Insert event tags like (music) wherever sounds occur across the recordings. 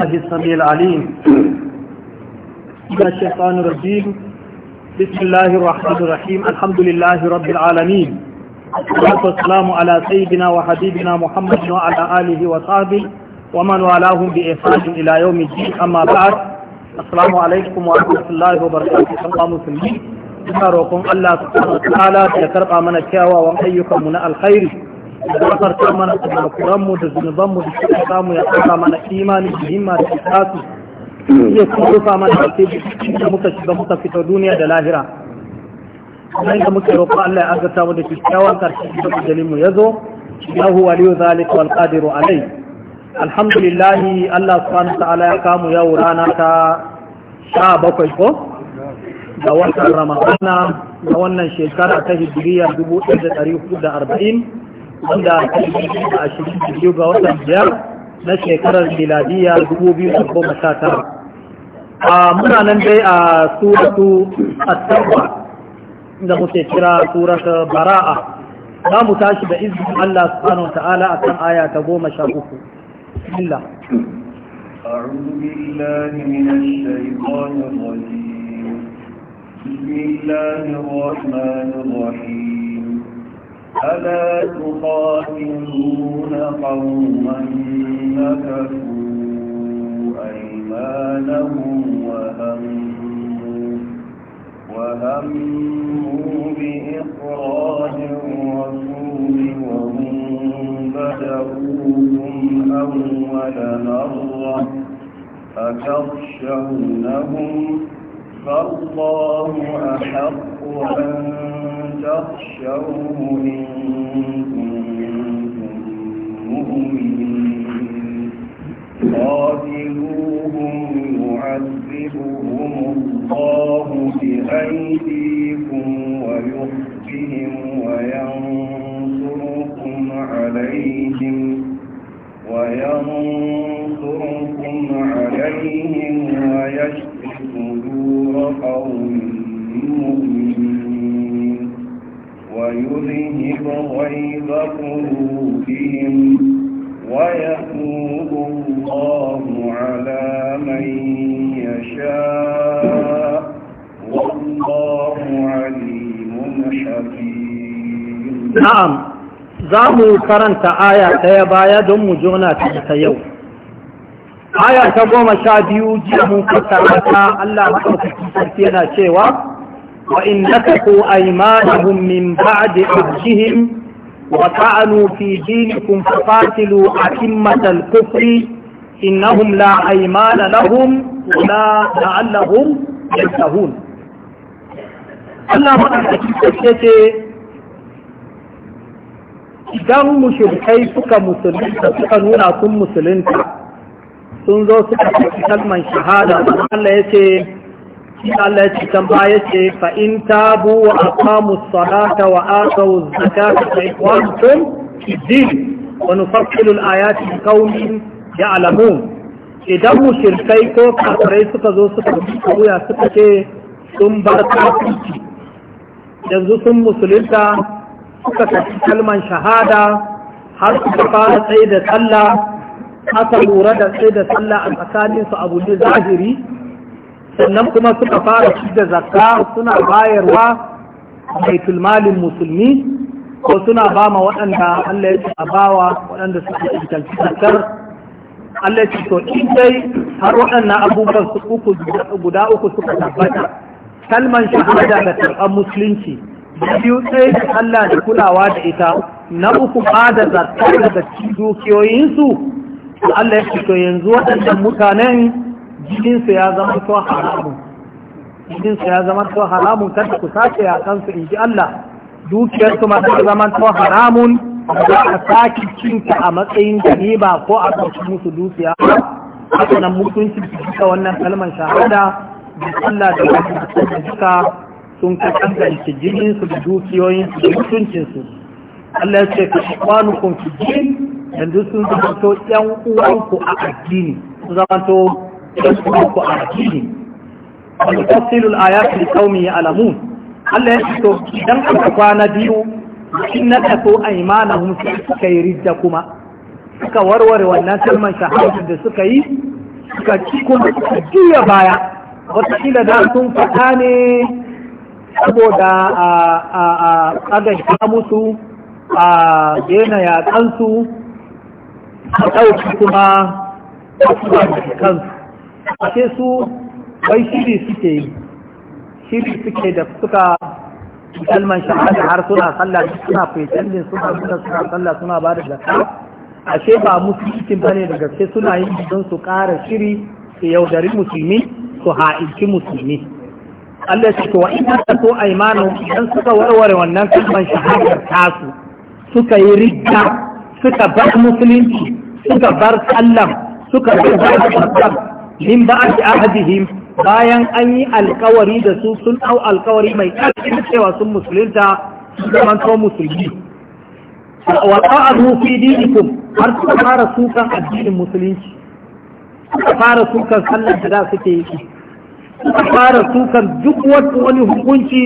الله السميع العليم من الشيطان الرجيم بسم الله الرحمن الرحيم الحمد لله رب العالمين والصلاة والسلام على سيدنا وحبيبنا محمد وعلى آله وصحبه ومن والاهم بإحسان إلى يوم الدين أما بعد السلام عليكم ورحمة الله وبركاته الله مسلمين ina الله سبحانه وتعالى wa ta'ala ya karɓa mana من الخير gafarta mana kurakuranmu da zunubanmu da suka samu ya tsara mana imani da himma da ikhlasu ya kuma rufa mana asiri da muka shiga muka fito duniya da lahira kamar da muka roƙo Allah ya azurta mu da kyakkyawan karshe da ajalin mu yazo Allahu waliyu zalika wal qadiru alai Alhamdulillahi Allah subhanahu ta'ala ya kamu yau rana ta bakwai ko da watan ramadana da wannan shekara ta hijiriya 1440 wanda kalmi a ashirin da biyu ga watan biyar na shekarar miladiya dubu biyu da goma sha tara a muna nan dai a suratu at-tawba da muke kira suratu bara'a za mu tashi da izinin Allah subhanahu ta'ala a kan aya ta goma sha uku bismillah أعوذ بالله من الشيطان الرجيم بسم الله الرحمن الرحيم ألا تقاتلون قوما نكثوا أيمانهم وهموا وهموا بإخراج الرسول وهم بدأوهم أول مرة أتخشونهم فالله أحق أن تخشوه إن كنتم مؤمنين قاتلوهم يعذبهم الله بأيديكم ويخفهم وينصركم عليهم وينصركم عليهم ويشفي صدور قوم ويذهب غيظ قلوبهم ويتوب الله على من يشاء والله عليم حكيم نعم za mu karanta aya ɗaya baya don mu jona ta yau aya ta goma sha biyu jiya mun Allah maɗaukakin sarki yana cewa وإن نكثوا أيمانهم من بعد عهدهم وطعنوا في دينكم فقاتلوا أئمة الكفر إنهم لا أيمان لهم ولا لعلهم ينتهون Allah maɗaukaki ce idan mushrikai suka musulunta suka nuna sun musulunta sun zo suka kalman shahada Allah ya ce Allah ce can baya ce fa in tabu wa aqamu as-salata wa atu az-zakata fa ikwanukum din wa nufassilu al-ayati liqaumin ya'lamun idan mushrikai ko kafirai suka zo suka ruya suka ce sun bar yanzu sun musulunta suka kafi kalman shahada har suka fara tsaye da sallah aka lura da tsaye da sallah a tsakaninsu abu ne zahiri sannan kuma suka fara ci da zakka suna bayarwa mai tulmalin musulmi ko suna ba ma waɗanda Allah ya ce a bawa waɗanda suka intanci zakar Allah ya ce to in dai har waɗannan abubuwan su uku guda uku suka tabbata kalman shahada da karɓar musulunci da biyu tsaye da Allah da kulawa da ita na uku ba da zakka daga dukiyoyinsu Allah ya ce to yanzu waɗannan mutanen jikinsa ya zama to haramun jikinsa ya zama to haramun kada ku sace ya kansu in ji Allah su ma ta zama to haramun za a saki cinta a matsayin ganima ko a ɗauki musu dukiya haka nan mutunci duka wannan kalmar shahada da Allah da wani suka sun ka kanganci jininsu da su da mutuncinsu Allah ya ce ka ikwanukum fi yanzu sun zama to 'yan uwanku a addini sun zama يسبقك أعجيهم ونفصل الآيات لقوم يعلمون Allah ya fito idan aka kwana biyu in na taso aimanahum sai suka yi rijja kuma suka warware wannan kalmar shahadar da suka yi suka ci kuma suka juya baya wataƙila da sun faɗa ne saboda a tsagaita musu a daina yaƙansu a ɗauki kuma a kansu ce su wai shiri suke yi shiri suke da suka kalman shahada har suna sallah suna fetallin suna suna suna sallah suna ba da zakka ashe ba musulmi bane da gaske suna yin don su ƙara shiri su yaudari musulmi su ha'inci musulmi Allah ya ce in ka so aimanu idan suka warware wannan kalman shahadar tasu suka yi ridda suka bar musulunci suka bar sallam suka bar zakka min ba'd ahadihim bayan an yi alkawari da su sun dau alkawari mai ƙarfin cewa sun musulunta sun zama to musulmi wa ta'adu fi dinikum har suka fara sukan addinin musulunci suka fara sukan sallar da za su suke yi suka fara sukan duk wani hukunci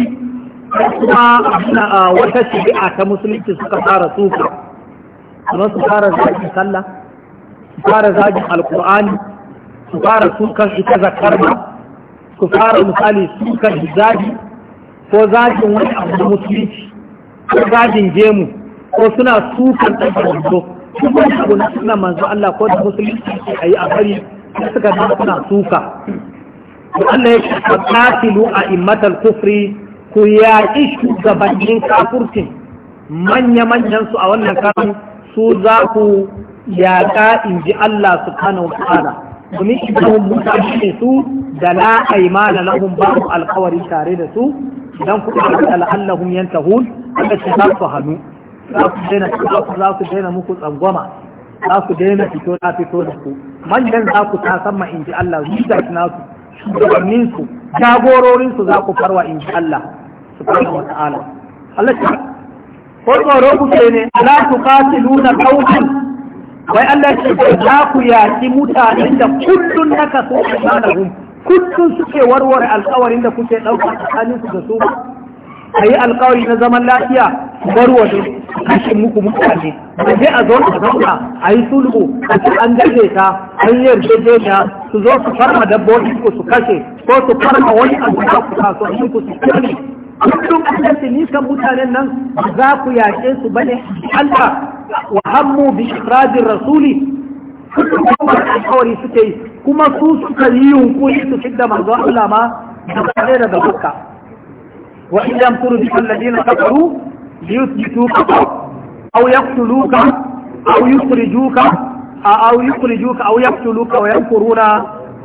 kuma a wata shari'a ta musulunci suka fara suka kamar su fara zagin sallah su fara zagin alkur'ani su fara sukan ita zakar ma su fara misali sukan zaji ko zajin wani abu da musulunci ko zajin gemu ko suna sukan ɗan wando su wani abu na suna manzo Allah ko da musulunci ke a yi a bari suka zama suna suka Allah ya ce a a immatal kufri ku yaƙi shugabannin kafurcin manya-manyan su a wannan kafin su za ku yaƙa in ji Allah su kana wa ta'ala domin idan mutane ne su da la aimana lahum babu alkawari tare da su idan kuka da la'allahum yantahun kada su za su hannu za su daina za su daina muku tsangwama za su daina fito na fito da ku man manyan za ku ta samma in ji Allah na su shugabannin su jagororin su za ku farwa in ji Allah subhanahu wa ta'ala Allah ta ko tsoro ku ne ala tuqatiluna qawman wai Allah ce ce za ku yaki mutanen da kullun naka so a sanahum kullun suke warware alkawarin da kuke ɗauka tsakanin su da su a yi alkawari na zaman lafiya A kashin muku mutane a je a zo a zauna a yi sulhu a ce an gaje ta an yi su zo su farma dabbobi ko su kashe ko su farma wani abu da ku kaso ku su kashe kullum Allah ce ni kan mutanen nan za ku yaƙe su bane Allah wa hammu bi ikradin rasuli kuma alƙawari suke yi kuma su suka yi yunkuri su fidda manzo Allah ma da kare daga Makka wa in lam turdi alladina kafaru liyuthbituka aw yaqtuluka aw yukhrijuka aw yukhrijuka aw yaqtuluka wa yamkuruna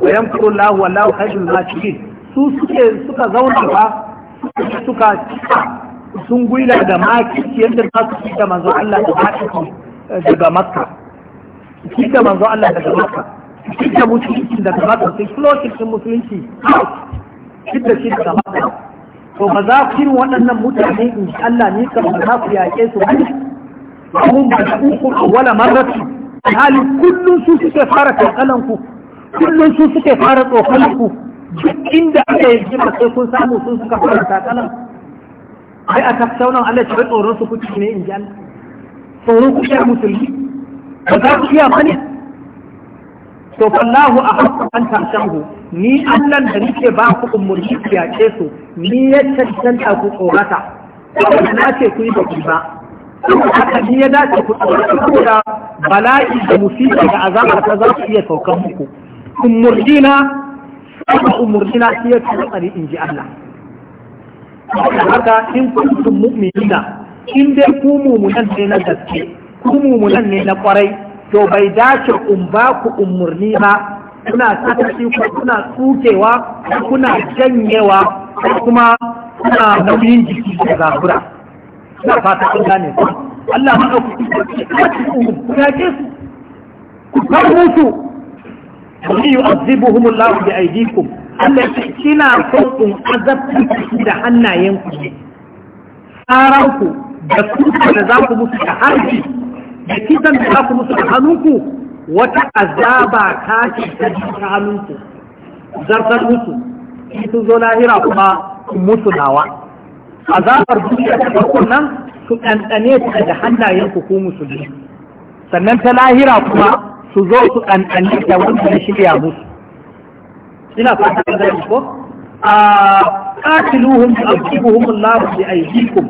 wa yamkuru Allah wallahu khayrul makirin su suke suka zauna fa da suka sun gwila da maki yadda za su fita manzo Allah da maki eh, daga Makka fita manzo Allah daga Makka fita musulunci daga Makka sai floshin din musulunci fita shi daga Makka to ba za ku yi waɗannan mutane in Allah ne kan ba za ku yaƙe su ba kun ba da uku wala marratu hali kullun su suke fara kankalan kullun su suke fara tsokalanku ku duk inda aka yi jima sai kun samu sun suka fara takalan ai a tattaunan Allah ta tsoron su kuke ne in ji Allah tsoron ku ya musulmi ba za ku iya bane to fallahu a hakku an tashanhu ni Allah da nake ba ku umurni ku yace su ni ya tantanta ku tsorata saboda na ce ku yi ba ku ba haka ni ya dace ku tsorata saboda bala'i da musiba da azaba ta za ku iya saukan muku umurni na kuma umurni na shi ya in ji Allah haka in kuntum mu'minina in dai ku mumunan ne na gaske ku mumunan ne na kwarai to bai dace in ba ku umurni ba kuna sakaci ko kuna tsukewa kuna janyewa kuma kuna nauyin jiki da zafura Kuna fata kun gane Allah ma ku ku ya ce ku ku musu wani yu'azzibuhum Allah bi aydikum Allah ya kina kun azabtu da hannayenku tsaranku da kuka da za ku musu da harbi da kisan da za ku musu da hannunku wata azaba ta ce ta ji ta hannunku zartar musu sun zo lahira kuma musu nawa azabar duniya ta farkon nan su ɗanɗane ta da hannayenku ko musulmi sannan ta lahira kuma su zo su ɗanɗani da wanda na shirya musu ina fata an gani ko a qatiluhum yu'adhibuhum Allah bi aydikum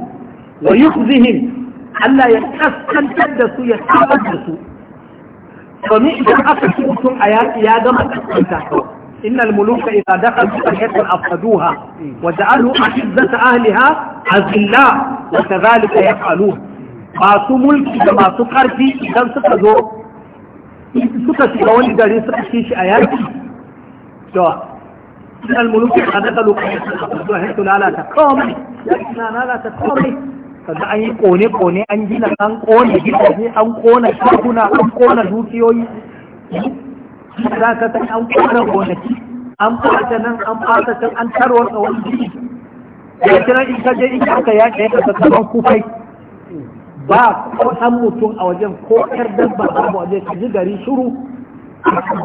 wa yukhzihim Allah ya kaskantar da su ya tabar da su domin idan aka ci mutum a yaƙi ya gama kaskanta kawai إن الملوك إذا دخلوا قرية أفسدوها وجعلوا أعزة أهلها أذلاء وكذلك يفعلون masu mulki da masu ƙarfi idan suka zo suka shiga wani gari suka ci shi a yaki to al-muluk a daga lokacin da ya su lalata komai na lalata komai kaga an yi kone-kone an gina an kone gidaje an kona shaguna an kona dukiyoyi za ka san an kona gonaki an fata nan an fata can an tarwata tsawon jiki Ya kiran in ka je in ka yaƙe ka ka kufai. ba ko san mutum a wajen ko ƴar dabba a waje ka ji gari shiru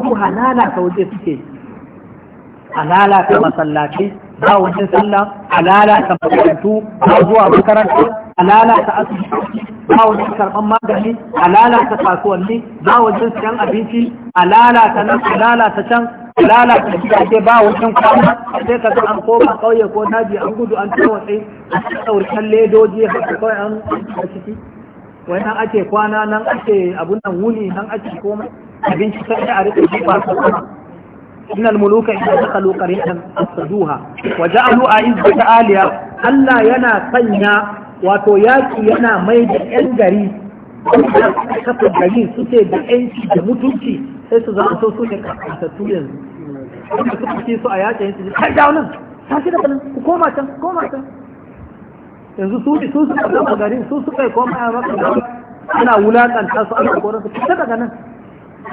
su halala ta waje suke halala ta masallaci ba wajen sallah halala ta makarantu ba zuwa makaranta halala ta asibiti ba wajen karɓar magani halala ta kasuwanni ba wajen siyan abinci halala ta nan halala ta can lalata gidaje ba wucin kwana sai ka ga an koma kauye ko naji an gudu an tawatsi a tsaurkan ledoji haka kawai an a ciki wai nan ake kwana nan ake abun nan wuni nan ake koma abinci sai a rike shi ba su kwana إن الملوك إذا دخلوا قرية أفسدوها وجعلوا أعزة آلية ألا ينا سنيا وتوياكي ينا ميد الجري كفر الجري سوتي بأنتي بمتوتي sai su zama so su ne kasattu yanzu wanda suka fi su a yaƙin su kai da nan tashi da kanin ku koma can ku koma can yanzu su su suka zama garin su suka yi koma a maka gari ana wulaƙanta su ana koron su fita daga nan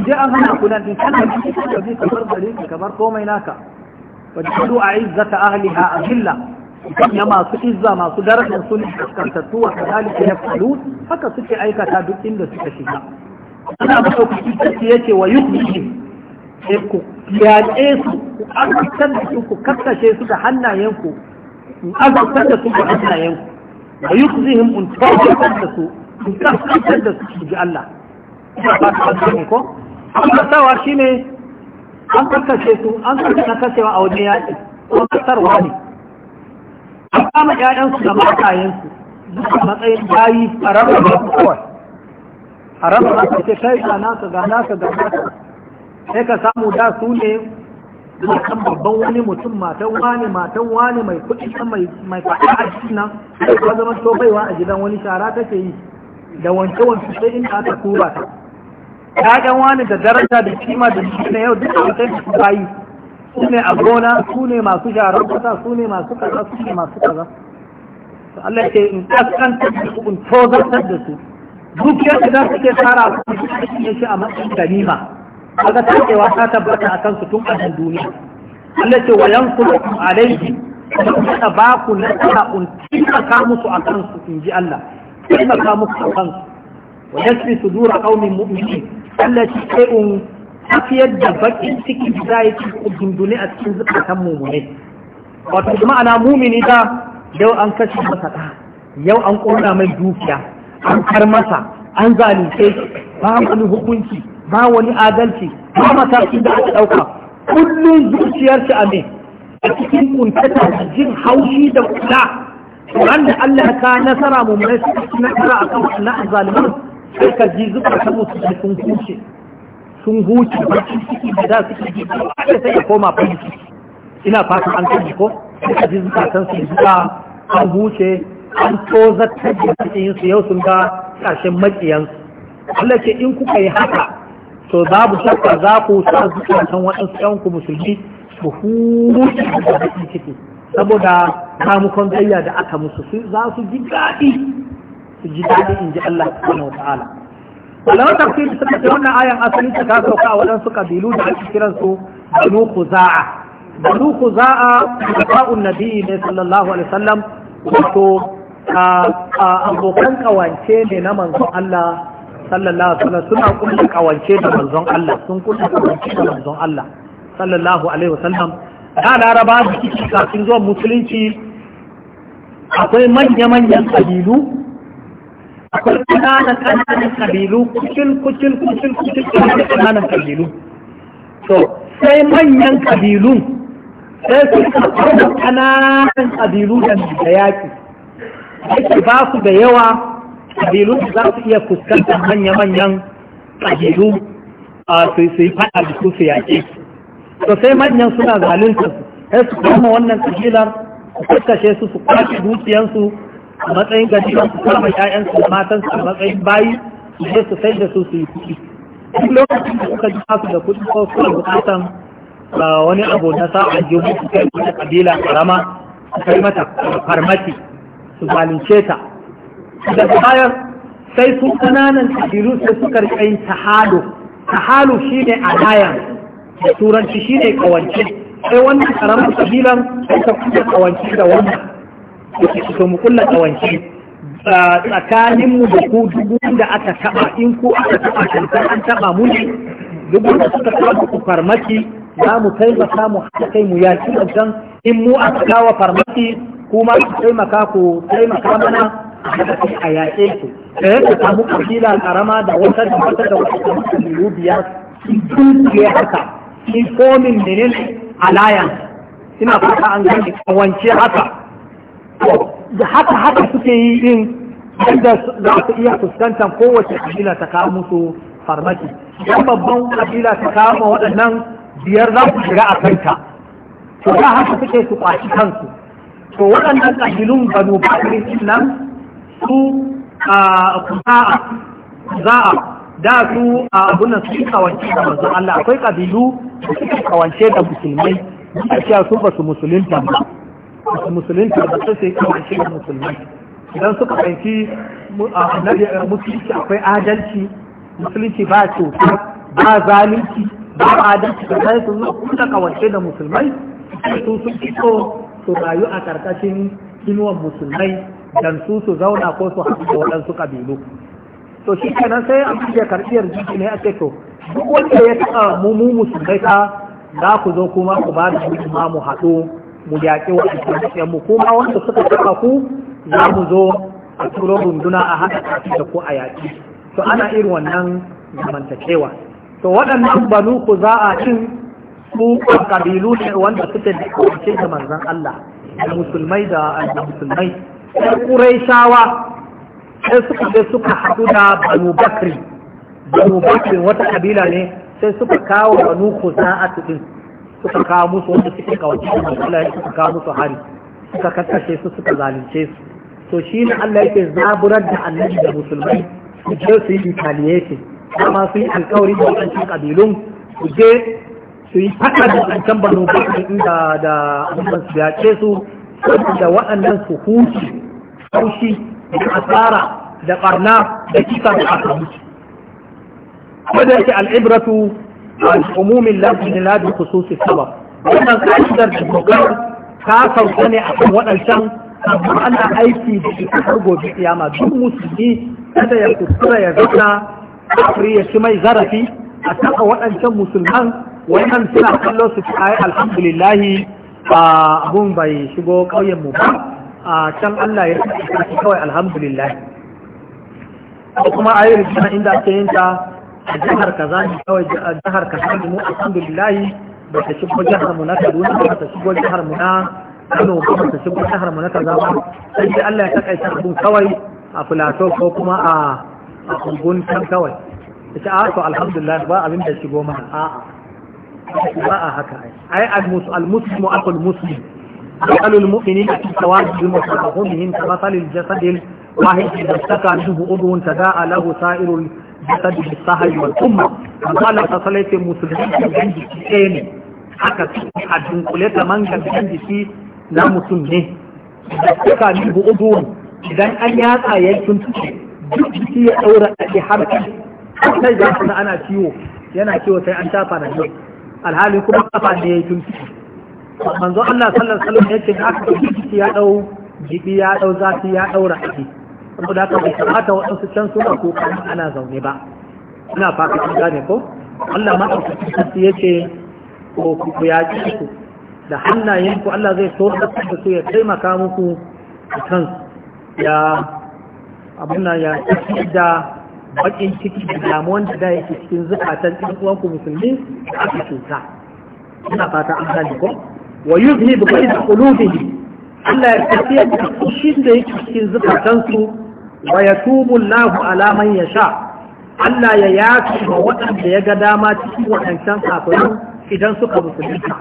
je an hana ku ɗin kan kana da shi da bi kamar garin kamar komai naka kudu a izzata a azilla ya masu izza masu darajar sun fuskantattu wa kadalika faru. haka suke aikata duk inda suka shiga ana masa kuɗi sai ya ce wa yuhmihim sai ku yaƙe su ku azabtar da su ku kakkashe su da hannayen ku azabtar da su da hannayenku wa yuhmihim in tawakkaltar da su in kaskantar da su ji Allah ina ba ta kasance ko amma sawa shine an kakkashe su an kakkashe na kashewa a wajen yaƙi ko kasarwa ne an kama ƴaƴansu da matayensu duka matsayin bayi a rarraba su kawai a raba aka ce kai ga nasa ga nasa ga nasa sai ka samu da su ne kan babban wani mutum matan wani matan wani mai kuɗi kan mai mai faɗa a cikin nan ta zama to baiwa a gidan wani shara take yi da wance wanke sai in ta tura ta ƴaƴan wani da daraja da kima da shi na yau duka wata da suka yi su ne a gona su ne masu sharar kasa su ne masu kaza su ne masu kaza Allah ke in ƙasƙantar da su in tozartar da su dukiyar da za su ke tara su cikin shi a matsayin ganima ga takewa ta tabbata a kansu tun a duniya Allah ce wa yankuru alaihi da ba ku na sa'un taimaka musu a kansu in ji Allah taimaka musu a kansu wa su dura ƙaunin mu'minin Allah ce un tafiyar da bakin ciki da ya ci dundune a cikin zukatan mumune wato ma'ana mumini da yau an kashe masa yau an ƙona mai dukiya an kar masa an zalunce shi ba wani hukunci ba wani adalci ba matakin da aka ɗauka kullum zuciyar shi a me a cikin kuntata da jin haushi da kula wanda Allah ka nasara mu mai nasara akan wannan zalimin sai ka ji zuka ta musu da sun huce sun huce ba ciki da za su ji ba sai ya koma fa ina fata an kai ko sai ka ji zuka san su zuka ah, an huce an tozartar da su yau sun ga ƙarshen maƙiyan Allah ce in kuka yi haka to za ku shakka za ku sa zukatan waɗansu ƴanku musulmi su huce da baƙin ciki saboda kamukon gayya da aka musu za su ji daɗi su ji daɗi in ji Allah subhanahu ta'ala walau tafsir suka ce wannan ayan asali ta ka sauka a waɗansu kabilu da ake kiran su banu khuza'a banu khuza'a ba'un nabi ne sallallahu alaihi wasallam wato abokan kawance ne na manzon Allah sallallahu alaihi wasallam suna kulla kawance da manzon Allah sun kulla kawance da manzon Allah sallallahu alaihi wasallam da laraba da kike kafin zuwa musulunci akwai manya-manyan kabilu akwai ƙananan ƙananan kabilu kucin kucin kucin kucin ƙananan kabilu to sai manyan kabilu sai su karɓar da ƙananan kabilu da yaƙi ake ba su da yawa ƙabilun za su iya fuskantar manya-manyan ƙabilu a su yi da su su to sai manyan suna zalunta su sai su kama wannan ƙabilar su kakkashe su su kwace dukiyansu a matsayin gajiyar su kama ƴaƴansu da matansu a matsayin bayi su je su sai da su su yi kuɗi duk lokacin da suka ji su da kuɗi ko suna buƙatan wani abu na sa'a jihu su kai wata ƙabila ƙarama su mata farmaki su zalunce ta daga bayan sai su ƙananan kabilu sai suka rika yin tahalu tahalu a alaya da turanci ne kawance sai wannan karamin ƙabilan sai ta kuma kawance da wannan to mu kulla kawance tsakaninmu da ku dubu da aka taɓa in ku aka taɓa kankan an taɓa mu ne dubu da suka taɓa ku farmaki za mu taimaka mu haɗa kai mu yaki wajen in mu aka kawo farmaki kuma su taimaka ku taimaka mana a yaƙe ku da yadda samu kabila karama da wata da wata da wata da wata biyu biyar dukiya haka in komin menin alliance ina fata an gani kawance haka da haka haka suke yi din yadda za su iya fuskantar kowace kabila ta kawo musu farmaki idan babban kabila ta kama waɗannan biyar za su shiga a kanta to da haka suke su kwaci kansu to waɗannan ƙabilun banu bakirin nan su a kusa'a za'a da su a abunan su kawance da manzon Allah akwai ƙabilu da suka kawance da musulmai a cewa su ba su musulunta ba ba su musulunta ba su sai kawance da musulmai idan suka fahimci musulunci akwai adalci musulunci ba cuta ba zalunci ba adalci da sai su zo kawance da musulmai su sun fito su rayu a ƙarƙashin kinuwan musulmai dan su su zauna ko su haɗu da waɗansu ƙabilu to shi kenan sai an fiye karɓiyar jiki ne ake to duk wanda ya taɓa mu mu musulmai ta za ku zo kuma ku ba da jiki ma mu haɗu mu yaƙi waɗansu mu kuma wanda suka taɓa ku za mu zo a turo runduna a haɗa ƙarfi da ko a yaƙi to ana irin wannan zamantakewa to waɗannan banu ku za a cin su kabilu ne wanda suke da kwace da manzan Allah musulmai da musulmai sai shawa sai suka je suka haɗu da banu bakri banu bakri wata kabila ne sai suka kawo banu kusa'a cikin, suka kawo musu wanda suke kawace da manzan Allah suka kawo musu hari suka kakkashe su suka zalunce su to shi ne Allah yake zaburar da annabi da musulmai su je su yi retaliation dama sun yi alkawari da wancan ƙabilun su je su yi haɗa da wancan banu bakin da da abin su yaƙe su da waɗannan su huci haushi da asara da ɓarna da kisa da aka huci ko da yake al'ibratu al'umumin lafiya na khususi sabab wannan ka'idar da dokar ta sauka ne a kan waɗancan amma ana aiki da a har gobe kiyama duk musulmi kada ya kuskura ya zauna kafiri ya ci mai zarafi a taɓa waɗancan musulman wannan suna kallo su ai alhamdulillah abun bai shigo kauyen mu ba a can Allah ya shi kawai alhamdulillah ko kuma ayi rikina inda ake yin ta a jihar kaza ne kawai jihar kaza ne mu alhamdulillah ba ta shigo jihar mu na Kaduna ba ta shigo jihar mu na Kano ba ta shigo jihar mu na kaza ba sai dai Allah ya takaita abun kawai a filato ko kuma a a ungun kan kawai ta a to alhamdulillah ba abin da shigo mana a'a ba a haka ai al-muslimu al muslim مثل المؤمنين في التواجد المتفقهم كمثل الجسد الواحد إذا اشتكى منه عضو تداعى له سائر الجسد بالسهل والأمة فقال فصلت مسلمين كان جسدين haka suke a dunkule kaman gangan jiki na mutum ne da suka nubu uduwan idan an yatsa ya yi tuntuke duk jiki ya ɗaura a ke harkar sai za ana ciwo yana sai an shafa alhali kuma kafa da ya yi tuntuɓe manzo Allah sallallahu alaihi wasallam yace aka jiki ya dau jibi ya dau zafi ya daura ake saboda haka bai kamata waɗansu can suna ko ana zaune ba ina fata kun gane ko Allah ma ya yace ko ku ji ku da hannayenku Allah zai so da su ya taimaka muku a ya abin ya da bakin ciki da damuwan da da yake cikin zukatan ɗan uwan ku musulmi da aka cuta ina fata an gane ko wa yuzhib ghaiz qulubihi Allah ya tafiya da kushin da yake cikin zukatan su wa yatubu Allahu ala man yasha Allah ya yafi wa waɗanda ya ga dama cikin waɗancan kafirin idan suka musulunta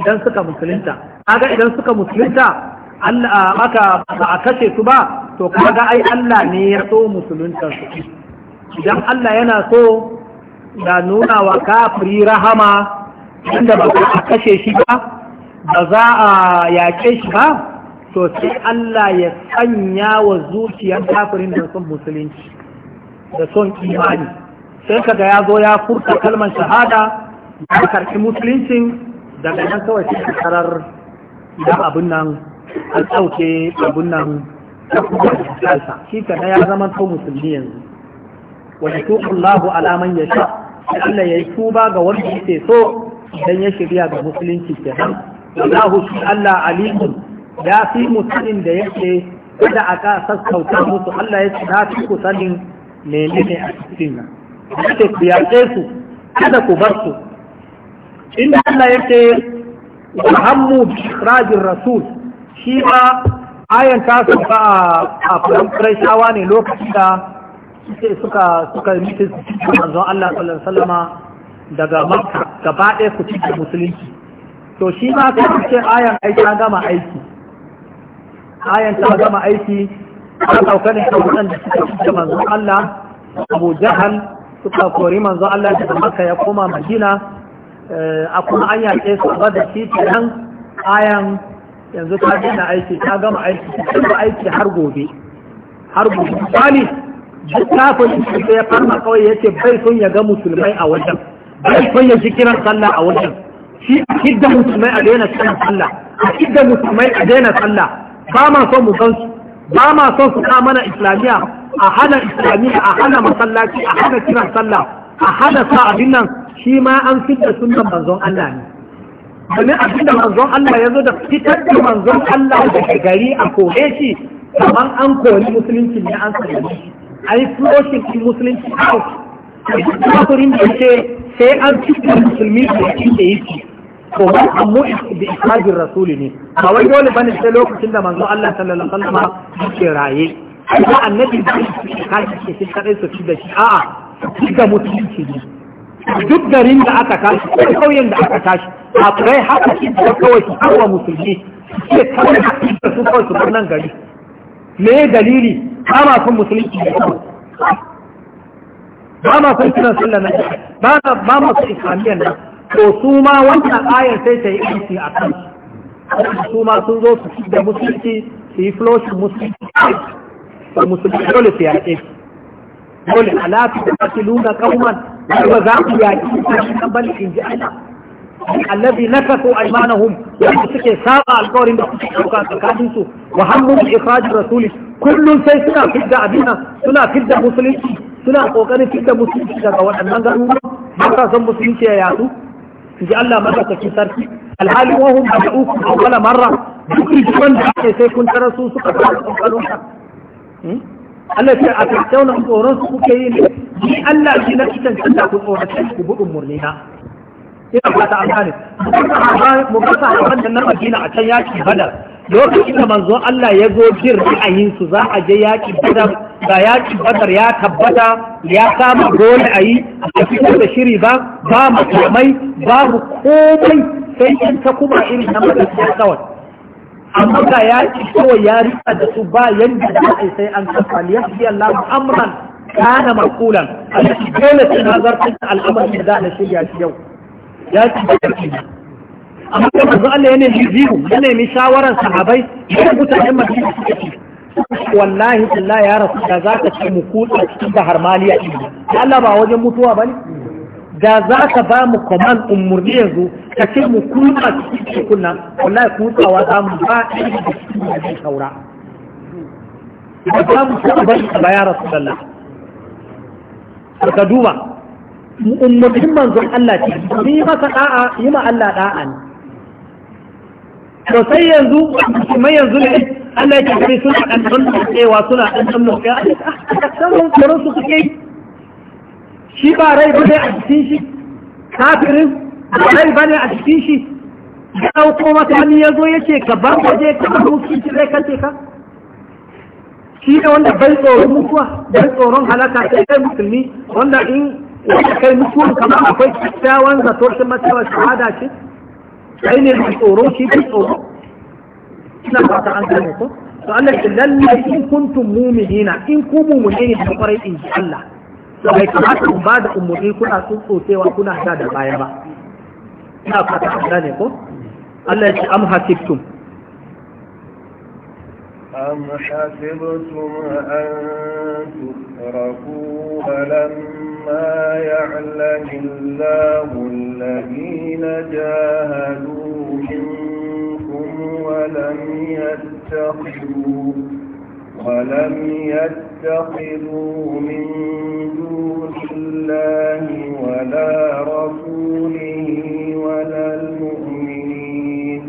idan suka musulunta kaga idan suka musulunta Allah aka ba a kashe su ba to kaga ai Allah ne ya so musuluntar su idan Allah yana so da nuna wa kafiri rahama inda ba a kashe shi ba ba za a yaƙe shi ba to sai Allah ya sanya wa zuciyar kafirin da son musulunci da son imani sai kaga ya zo ya furta kalmar shahada da karɓi musulunci, daga nan kawai shi karar idan abin nan an tsauke abin nan ta kuma shi ka ya zama to musulmi yanzu wa yatubu Allahu ala man yasha Allah yayi tuba ga wanda yake so dan ya shirya ga musulunci kenan wallahu shi Allah alimun ya fi mutumin da yake kada aka sassauta musu Allah ya ci na fi ku sanin menene a cikin nan yake ku ya su kada ku bar su inda Allah yake hammu bi rasul shi ba. ayan ta su ba a fulankuraishawa ne lokacin da suka suka mutu manzo Allah sallallahu alaihi wasallama daga Makka gaba ɗaya ku ci musulunci to shi ma ka ce ayan ai ta gama aiki ayan ta gama aiki ta dauka ne wannan da suka ci manzo Allah Abu Jahal suka kori manzo Allah daga Makka ya koma Madina eh, a kuma an yaƙe su ba da shi kenan ayan yanzu ta gina aiki ta gama aiki ta aiki har gobe har gobe duk kafin sai ya farma kawai ya ce bai son ya ga musulmai a wajen bai son ya ji kiran sallah a wajen shi a hidda musulmai a daina kiran sallah a hidda musulmai a daina sallah ba ma son mu san su ba ma son su ka mana islamiyya a hana islamiyya a hana masallaci a hana kiran sallah a hana sa abin nan shi ma an fitta sunan manzon Allah ne domin abin da manzon Allah ya zo da fitar da manzon Allah daga gari a kore shi kamar an kori musulunci ne an sallame shi a yi floshin in musulunci out rim da ce sai an cikin musulmi da yake yi to ba a mu da ikajin rasuli ne ba wai dole bane sai lokacin da manzo Allah sallallahu alaihi wasallam ke raye ba annabi da kaji ke shi kadai su ci da shi a'a shi da musulunci ne duk garin da aka tashi ko kauyen da aka tashi a furai haka shi da kawai su kawo musulmi ke kawai su kawai su nan gari me dalili ba ma son musulunci ne ba ma son kiran sallar nan ba ma son islamiyyar nan to su ma wannan ayar sai ta yi aiki a kan su ma sun zo su da musulunci su yi flush musulunci da musulunci dole su yaƙe dole alaƙa da luna kauman ba za ku yaƙi ta shi kan bal in ji ana allazi nakasu aymanahum wanda suke saba alƙawarin da suke ɗauka tsakanin su wa hammun ikhraj rasuli kullum sai suna fidda abina suna fidda musulunci suna ƙoƙarin fidda musulunci daga waɗannan garuruwa haka san musulunci ya yadu in ji Allah madaukakin sarki alhali wahum da uku a wala marra duk rigiman da ake sai kun tara su suka fara tsokalonka Allah ce a tattauna tsoron su kuke yi ne ni Allah shi na kitan canza ku tsoron ku buɗin murnina ina fata an gane mu ga nan na Madina a can yaki Badar lokacin da manzon Allah ya zo jin ra'ayin su za a je yaki Badar da yaki Badar ya tabbata ya kama dole a yi a fitar da shiri ba ba makamai babu komai sai in ta kuma irin na madadin kawai amma ga yaki kawai ya rika da su ba yadda za a sai an kafa liyafi Allah amran kana makulan a cikin dole sai nazartar al'amarin da za a shirya shi yau ya ci da ƙarfi amma da manzo Allah ya nemi zihu ya nemi shawarar sahabai ya mutane masu suka ci wallahi Allah ya rasu da za ka ci mu kutsa cikin da harmaliya ɗin Allah ba wajen mutuwa ba ne da za ka ba mu kwaman umarni yanzu ka ce mu kutsa cikin tekun nan wallahi kutsawa za mu ba ɗin da cikin da zai saura ba za mu taɓa bari ba ya rasu Allah ka duba ummatin manzon Allah ce yi masa da'a yi ma Allah da'a ne to sai yanzu kuma yanzu ne Allah ya kafiri suna ɗan ɗan cewa suna ɗan ɗan nufi a saman tsoron su suke yi shi ba rai ba ne a cikin shi kafirin ba rai ba ne a cikin shi ya ɗauko masa wani ya zo ya ce ka bar waje ka bar mutum shi zai kace ka shi ne wanda bai tsoron mutuwa bai tsoron halaka sai kai musulmi wanda in wanda kai mutuwar kamar akwai kyakkyawan zato shi matsawa shahada ce kai ne mai tsoro shi fi tsoro suna fata an gane ko to Allah ya lalle in kuntum mu'minina in ku mu'mini ne da kwarai in ji Allah to bai kamata ku bada umuri kuna sun tsotsewa kuna da da baya ba suna fata an gane ko Allah ya ce am hasibtum أم حسبتم أن تتركوا ولما ما يعلم الله الذين جاهدوا منكم ولم يتخذوا ولم يتخذوا من دون الله ولا رسوله ولا المؤمنين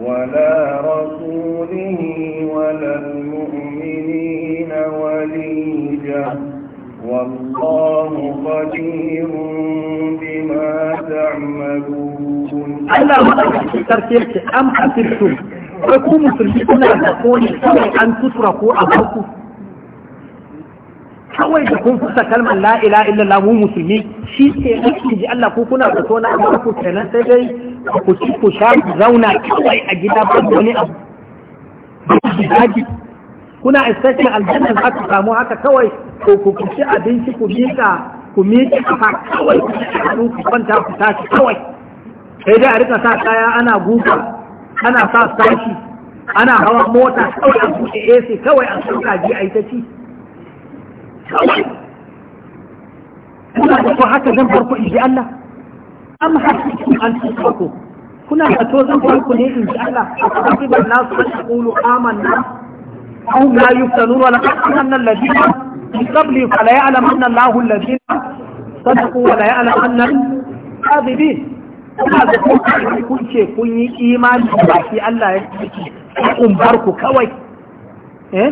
ولا رسوله ولا المؤمنين وليجه والله قدير بما تعملون الله مدوكي تركيك أم حسبتم ku musulmi kuna da kone kawai an ko kawai da kun fusa kalmar La'ila ila illa mu musulmi shi ke ake ji Allah ko kuna da tona amma ku kenan sai dai ku ci ku sha zauna kawai a gida ba wani abu kuna istakin aljanna za ku samu haka kawai ko ku ci abinci ku miƙa ku miƙe kafa kawai ku ci hannu ku kwanta ku tashi kawai sai dai a rika sa kaya ana guga ana sa sashi ana hawa mota kawai a buɗe AC kawai a sauka ji a yi ta ci kawai kuna da ko haka zan farko in ji Allah am hasibu an tusraku kuna da to zan farko ne in ji Allah hasibu an nasu an taqulu amanna hum la yuftanun wa laqad amanna alladhina من قبل فلا يعلم أن الله الذين صدقوا ولا يعلم أن الكاذبين da kun ce kun yi imani da baki Allah ya ciki kun bar ku kawai eh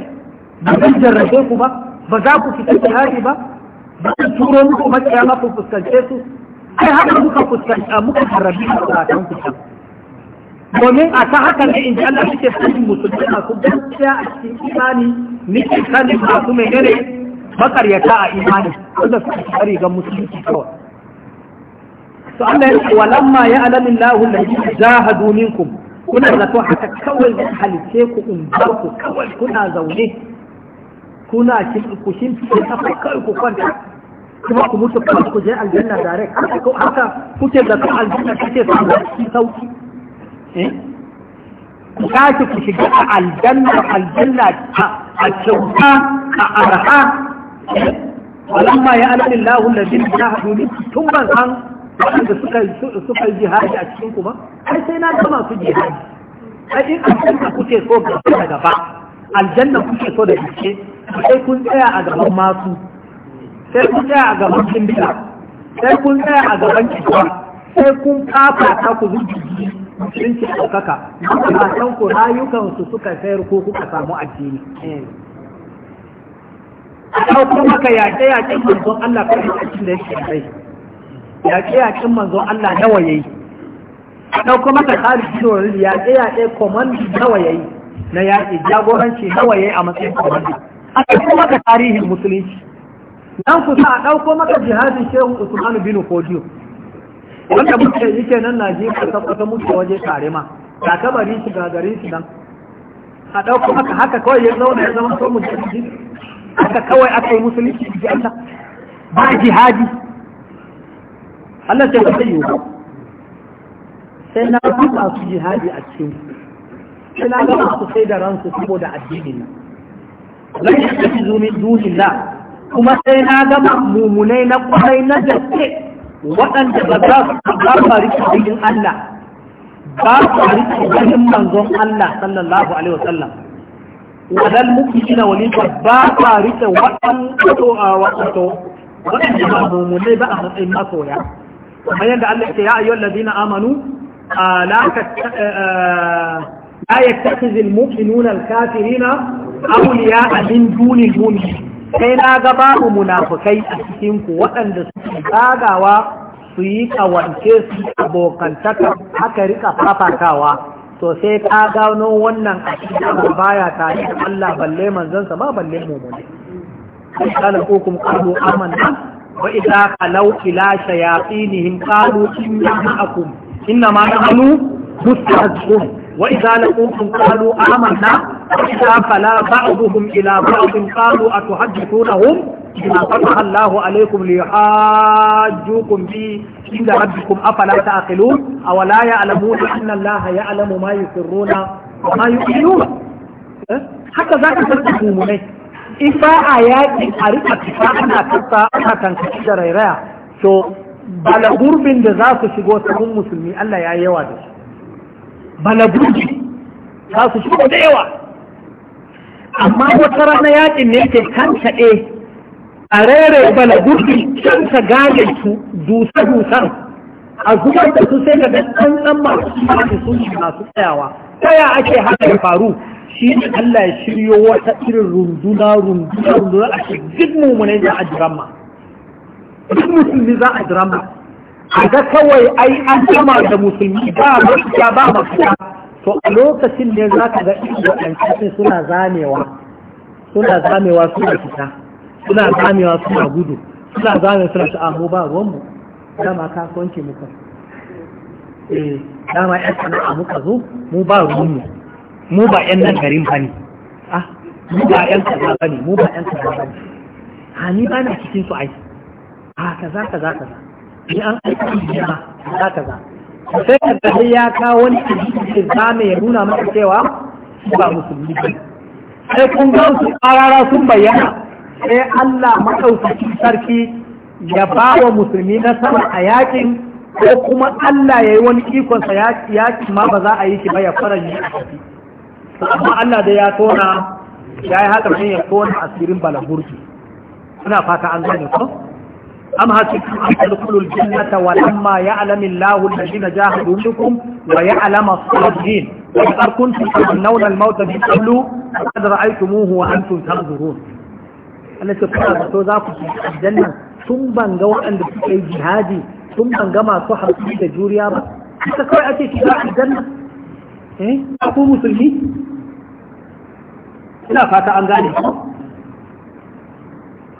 ba zan jarrabe ku ba ba za ku fita jihadi ba ba zan turo muku makiya ma ku fuskance su ai haka muka fuskanta muka jarrabe ku a kan ku domin a ta haka ne in ji Allah suke sanin musulmi masu gaskiya a cikin imani nake sanin masu menene makaryata a imani wanda suka fi shiga ga musulunci kawai to Allah ya ce walamma ya alamin lahu lalli jahadu minkum kuna zato haka kawai zan halice ku in bar ku kawai kuna zaune kuna ku shimfiɗe kafa kawai ku kwanta kuma ku mutu kawai ku je aljanna direct haka kuke zato aljanna kuke samun sauki eh? ku tashi ku shiga a aljanna aljanna a kyauta a arha walamma ya alamin lahun da zai na haɗu ne tun ban san waɗanda suka yi jihadi a cikin ku ba ai sai na gama su jihadi ai in aljanna kuke so da gaba aljanna kuke so da gaske sai kun tsaya a gaban masu sai kun tsaya a gaban kimbila sai kun tsaya a gaban kisuwa sai kun kafa ta ku zuci mutunci ɗaukaka matan ku rayukansu suka sayar ko kuka samu addini a ɗauko maka yaƙe-yaƙen manzon Allah a cikin da yake kai yaƙe-yaƙen manzon Allah nawa yayi a ɗauko maka tsarin shirin yaƙe-yaƙe komandi nawa yayi na yaƙi jagoranci nawa yayi a matsayin komandi a ɗauko maka tarihin musulunci nan kusa a dauko maka jihadin shehu Usman bin Fodio. wanda muke yi nan najeriya ta kusa muke waje tare ma ta kabari shi gagarin su nan a dauko maka haka kawai ya zauna ya zama so mu jirgin haka kawai aka yi musulunci ji Allah ba jihadi Allah ta kai yi sai na ba su jihadi a cikin sai na gaba su sai da ransu saboda addinin nan lan yastafizu min dunillah kuma sai na gama mummunai na kwarai na jaske waɗanda ba za su ba su cikin Allah ba su rike cikin manzon Allah sallallahu alaihi wasallam wadal mu'minina wani ba ba rike wadan to a wato wadan ba mu ne ba a matsayin masoya kamar yadda Allah ya ayyuhal ladina amanu la ka la yattakhidhu almu'minuna alkafirina awliya min dunil mu'minin sai na ga babu munafukai a cikinku, ku waɗanda suke tsagawa su yi kawance su abokantaka haka rika fafatawa to sai ka gano wannan aqida ba baya tare da Allah balle manzansa ba balle mu'mini ne. kana ko kuma qalu amanna wa idza qalu ila shayatinihim qalu inna ma'akum inna ma nahnu mustahzi'un وإذا لقوكم قالوا آمنا وإذا فلا بعضهم إلى بعض قالوا أتحدثونهم بما فتح الله عليكم ليحاجوكم به عند ربكم أفلا تعقلون أولا يعلمون أن الله يعلم ما يسرون وما يؤمنون haka za ka sarki mummunai in ba a yaƙi a rika fita ana kasa ana tankaci da rairaya to bala gurbin da za su shigo sabon musulmi Allah ya yawa da shi balaguji za su shigo da yawa amma wata rana yakin ne ke ɗe, a rere balaguji can ka gane su dusa-dusan a zubar da su sai ka ga ɗan masu masu sun masu tsayawa ɗaya ya ake haka ya faru shi ne Allah ya shiryo wata irin runduna runduna runduna a duk mummunai za a jiran ma duk musulmi za a jiran ma a ga kawai ai an gama da musulmi ba mafita ba mafita to a lokacin ne za ka ga inda ɗancin suna zamewa suna zamewa suna fita suna zamewa suna gudu suna zamewa suna amu ba ruwanmu dama kasuwanci muka eh dama yan sana'a muka zo mu ba ruwanmu mu ba yan nan garin ba ne ah mu ba yan kaza ba ne mu ba yan kaza ba ne ha ni ba na cikin su ai A ah, kaza kaza kaza in an aika hijira za ka za sai ka tafi ya kawo wani hadisi ya nuna maka cewa ba musulmi ba sai kun ga su karara sun bayyana sai Allah maɗaukaki sarki ya ba wa musulmi na sama a yakin ko kuma Allah ya yi wani ikonsa yakin ma ba za a yi ki ba ya fara yi a tafi amma Allah da ya tona ya yi haka ya tona asirin balagurki suna fata an gane ko أم هاتكم أن تدخلوا الجنة ولما يعلم الله الذين جاهدوا منكم ويعلم الصالحين وإذا كنتم تمنون الموت من قبل فقد رأيتموه وأنتم تنظرون التي قال ذاك في الجنة ثم بنغوا أن تكون جهادي ثم بنغما صحر في جوريا حتى كوي أتي كذا الجنة إيه أقوم مسلمين لا فاتا أن ذلك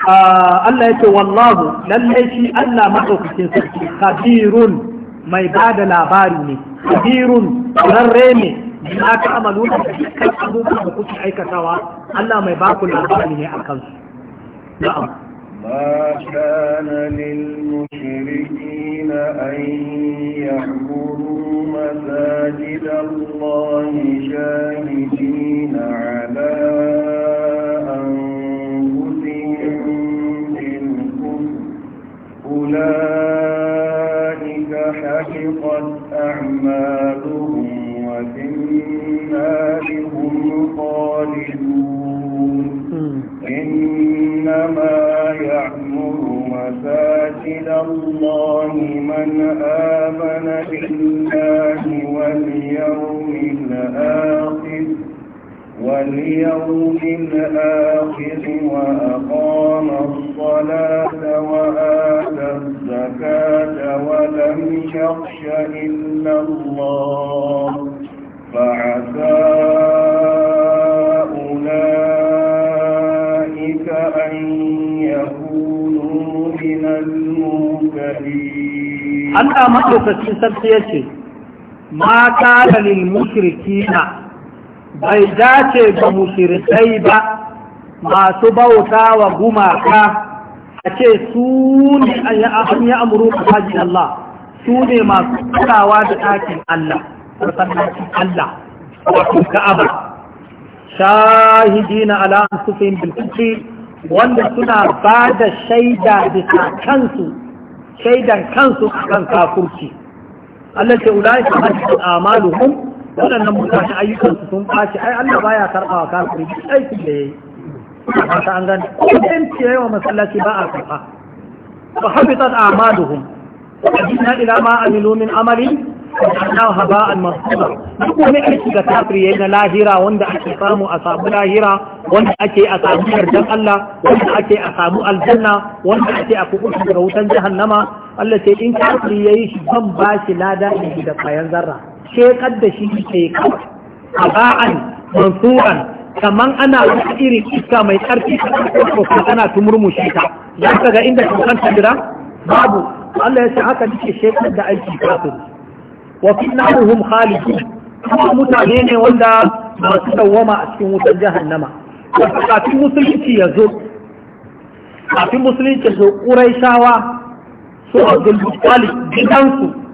Allah yake wallahu lallai shi Allah madaukakin sarki kabirun mai ba da labari ne kabirun rarre ne bima ka amalu da kai abubuwan da kuke aikatawa Allah mai ba ku labari ne a kansu na'am ما كان للمشركين أن يعبروا مساجد الله شاهدين على أولئك حفظت أعمالهم وفي النار هم خالدون إنما يعمر مساجد الله من آمن بالله واليوم الآخر واليوم الآخر وأقام الصلاة وآتى الزكاة ولم يخش إلا الله فعسى أولئك أن يكونوا من المهتدين. أنا ما في سبتيتي ما كان للمشركين bai dace ga mushirikai ba masu bauta wa gumaka a ce su ne an yi amuru a hajji Allah su ne masu kulawa da ɗakin Allah da sannacin Allah wato ka'aba shahidina ala an sufin bilkici wanda suna ba da shaida bisa kansu shaidan kansu a kan kafurci Allah ce ulai ka hajji amaluhum waɗannan mutane ayyukan su sun fashi ai Allah baya karɓa wa kafiri duk aikin da yayi ba ta an gane ko dan ciye wa masallaci ba a karɓa fa habitat a'maluhum ajina ila ma amilu min amali Allah haba al duk wani aiki da kafiri yayi na lahira wanda ake samu a samu lahira wanda ake a samu yardan Allah wanda ake a samu aljanna wanda ake a kuɓuta daga wutan jahannama Allah ce in kafiri yayi shi ban bashi na daɗi da kayan zarra shekar da shi ke a ba'an mansuran kaman ana wata irin iska mai ƙarfi ko ana tumurmushe ta za ka ga inda kan ta jira babu Allah ya ce haka nake shekar da aiki kafin wa fi naruhum khalidun kuma mutane ne wanda masu dawwama a cikin wutar jahannama kafin musulunci ya zo kafin musulunci ya zo ƙurai shawa su abdul gidansu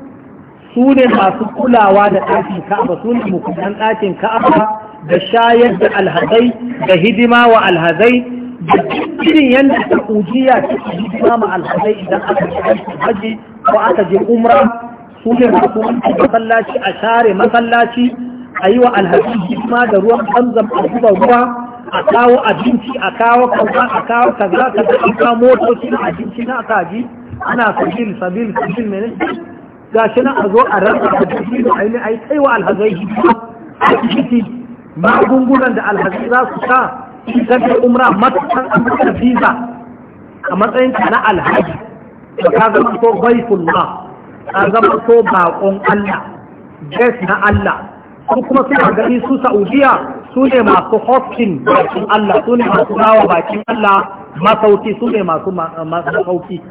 su ne masu kulawa da ɗakin ka'aba su ne mukunan ɗakin ka'aba da shayar da alhazai da hidima wa alhazai da irin yadda ta ujiya ta hidima ma alhazai idan aka ji aikin haji ko aka je umra su ne masu wanke masallaci a share masallaci a yi wa alhazai hidima da ruwan zamzam a zuba ruwa a kawo abinci a kawo kaza a kawo kaza kaza a kawo motoci na abinci na kaji ana sabil sabil sabil menene gashi nan a zo a raka a jiki da aini a yi kaiwa alhazai a jiki magungunan da alhazai za su sa gantar umra matakan amurka visa a matsayin ka na alhaji da ka zama so baifullah ka zama so bakon allah guest na allah su kuma suna gani su saudiya su ne masu hostin bakin allah su ne masu rawa bakin allah masauki su ne masu masauki.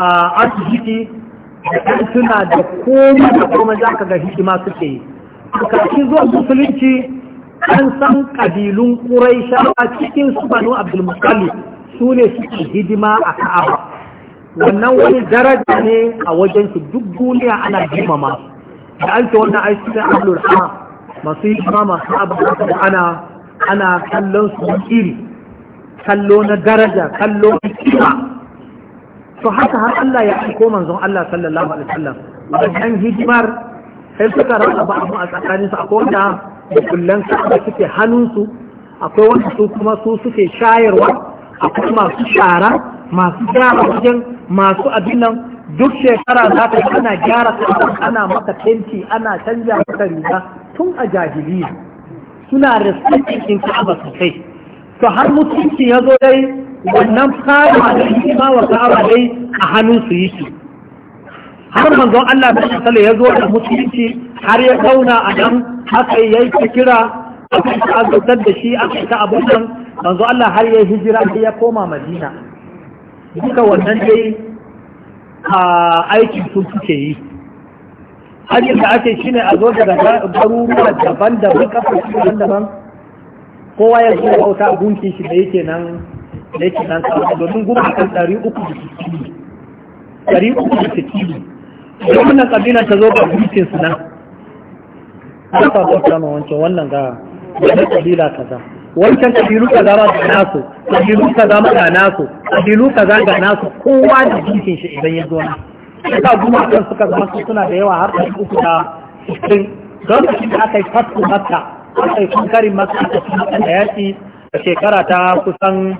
a asibiti da suna da komai da komai za ka ga hikima suke yi karshe zuwa musulunci an san kabilun ƙurai a cikin su banu sune su ne suke hidima a ka'aba wannan wani daraja ne a wajen su duk duniya ana ma da an ce wannan aiki na ahlul ha masu hikima masu abu da ana ana kallon su iri kallo na daraja kallo na kima to haka har Allah ya aiko manzon Allah sallallahu alaihi wasallam wannan hijimar sai suka rasa ba abu a tsakanin su akwai wanda kullan da suke hannunsu akwai wanda su kuma su suke shayarwa akwai masu shara masu gyara wajen masu abin nan duk shekara za ta ana gyara kasa ana maka tenti ana canja maka riga tun a jahiliya suna respecting in ka'aba sosai to har mutunci ya zo dai wannan fara da hikima wa ka'aba dai a hannun su yi shi har manzo Allah shi sallallahu ya zo da mutunci har ya zauna a nan haka yayi kira aka azabtar da shi aka ta abudan manzo Allah har ya hijira sai ya koma Madina duka wannan dai a aikin sun suke yi har da ake shine a zo daga garuruwa daban-daban kafin daban-daban kowa ya zuwa bauta gunkin shi da yake nan da yake nan kawai domin gumakan ɗari uku da sittin ɗari uku da sittin domin wannan kabila ta zo ga gunkin su nan an fa bauta ma wancan wannan ga wani kabila kaza wancan ƙabilu kaza ma ga nasu ƙabilu kaza ma ga nasu kabilu kaza ga nasu kowa da gunkin shi idan ya zo nan suka kan suka zama suna da yawa har ɗari uku da sittin don da aka yi fatu makka aka yi kankarin ake aka ci maka da yaƙi a shekara ta kusan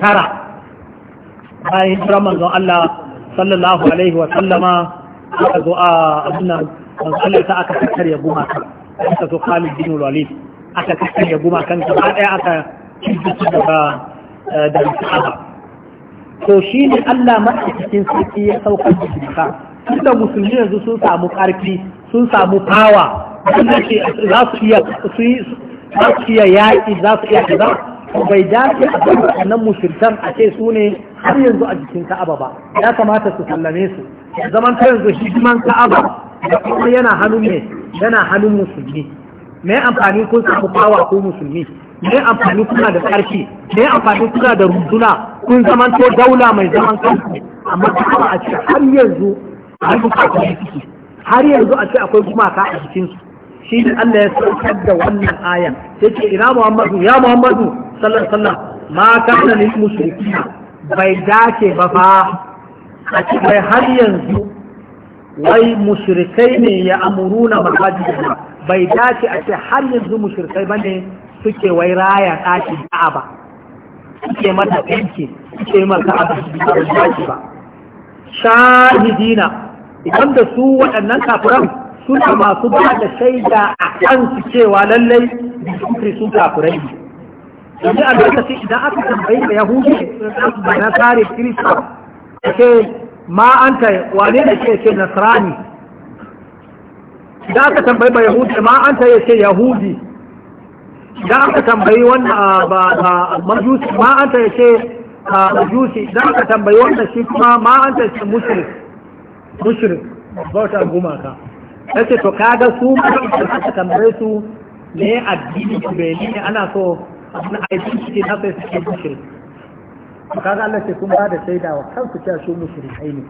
tara bayan hijirar manzon Allah sallallahu alaihi wa sallama aka zo a abinan manzon ta aka guma kan. aka zo Khalid bin Walid aka guma kan gaba ɗaya aka cikin daga eh, da Ka'aba to shi ne Allah cikin sarki ya saukar da shirka tunda musulmi yanzu sun samu ƙarfi sun samu fawa gwamnati za su iya za su iya yaƙi za su iya kaza bai dace a kan waɗannan mushirkan a ce su ne har yanzu a jikin ka'aba ba ya kamata su sallame su zaman ta yanzu hidiman ka'aba da kuma yana hannun ne yana hannun musulmi me amfani kun samu fawa ko musulmi me amfani kuna da ƙarfi me amfani kuna da runduna kun zaman to daula mai zaman kanku amma ka'aba a ce har yanzu har yanzu a ce akwai gumaka a jikinsu shi ne Allah ya saukar da wannan ayan sai ce ina Muhammadu ya Muhammadu sallallahu alaihi wasallam ma kana lil mushrikina bai dace ba fa a ce bai har yanzu wai mushrikai ne ya amuruna masajidana bai dace a ce har yanzu mushrikai bane suke wai raya ɗakin ba. suke mata ɗinki suke mata abin da ba shahidina idan da su waɗannan kafiran suna masu ba da shaida a kansu cewa lallai bisukri sun ne. yanzu a lokacin idan aka tambayi da yahudi da nasari kirista ce ma an ta wane da ke ke nasrani idan aka tambayi ba yahudi ma an ta ya ce yahudi idan aka tambayi wannan ah, ba majusi ma an ta ya ce ah, majusi idan aka tambayi wannan shi kuma ma an ta yi mushrik mushrik bauta gumaka na ce to kaga su su da tambaye su ne addini su bai ne ana so abin aiki na sai suke ke mushrik kaga Allah ce kun ba da shaida wa kansu cewa su mushrikai ne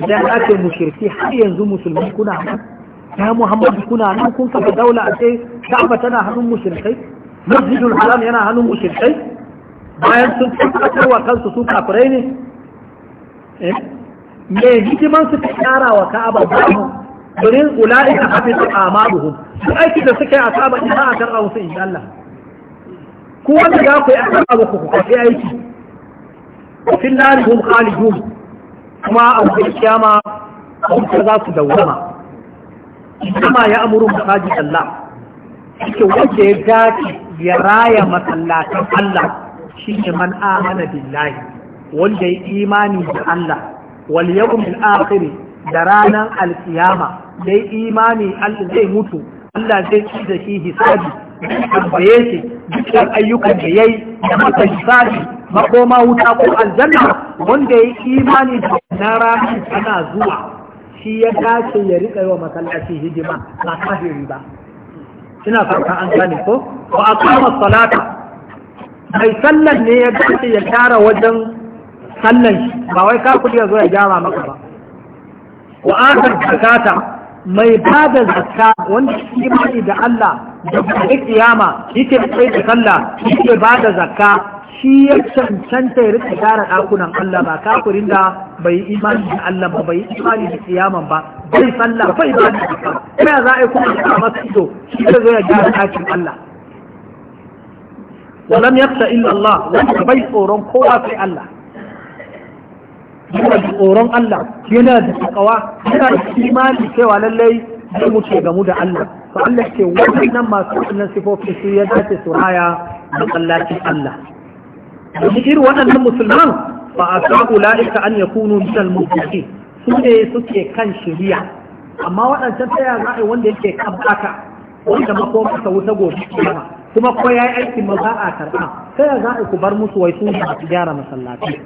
idan ake mushriki har yanzu musulmi kuna nan ya Muhammadu kuna nan kun kafa daula a ce Ka'aba tana hannun mushrikai Masjidul Haram yana hannun mushrikai bayan sun tabbatar wa kansu su kafirai ne eh? me hikimansu ta kara wa Ka'aba ba mu domin ula'ika hafizu amaluhum Su aiki da suke a saba in za a karɓa musu insha Allah ku wanda za ku yi a karɓa ku ku kafi aiki fil nari hum khalidun kuma a wani kiyama kuma za su daurama. kama ya amuru masajid Allah cikin wanda ya dace ya raya masallatan Allah shi ne man amana billahi wanda ya imani da Allah wal yawmil akhir da ranar alkiyama da yi imani Allah zai mutu Allah zai ci da shi hisabi tambaye shi dukkan ayyukan da ya yi da maka hisabi makoma wuta ko aljanna wanda ya yi imani da na ranar tana zuwa shi ya dace ya riƙa yi wa masallaci hidima ba kafiri ba ina farka an gane ko wa aqama salata mai sallan ne ya dace ya tara wajen sallan shi ba wai ka kudi ya zo ya gyara maka ba wa kan zakata mai ba da zakka wanda shi imani da Allah da gobe kiyama yake tsaye da sallah yake ba da zakka shi ya cancanta ya rika gyara ɗakunan Allah ba kafirin da bai imani da Allah ba bai imani da kiyaman ba bai sallah bai ba da zakka ina za a yi kuma a masu ido shi ya zo ya gyara ɗakin Allah walam yafsa illa Allah wanda bai tsoron kowa sai Allah yana da tsoron Allah yana da takawa yana da imani cewa lallai zai wuce gamu da Allah to Allah ce waɗannan masu wannan sifofi su ya dace su haya masallacin Allah da irin waɗannan musulman ba a sa ula'ika an yakunu min al-muttaqin su ne suke kan shari'a amma waɗancan taya za a yi wanda yake kabata wanda makomarsa wuta gobe kiyama kuma ko ya yi aikin ma za a karɓa Sai za a ku bar musu wai sun ba su gyara masallaci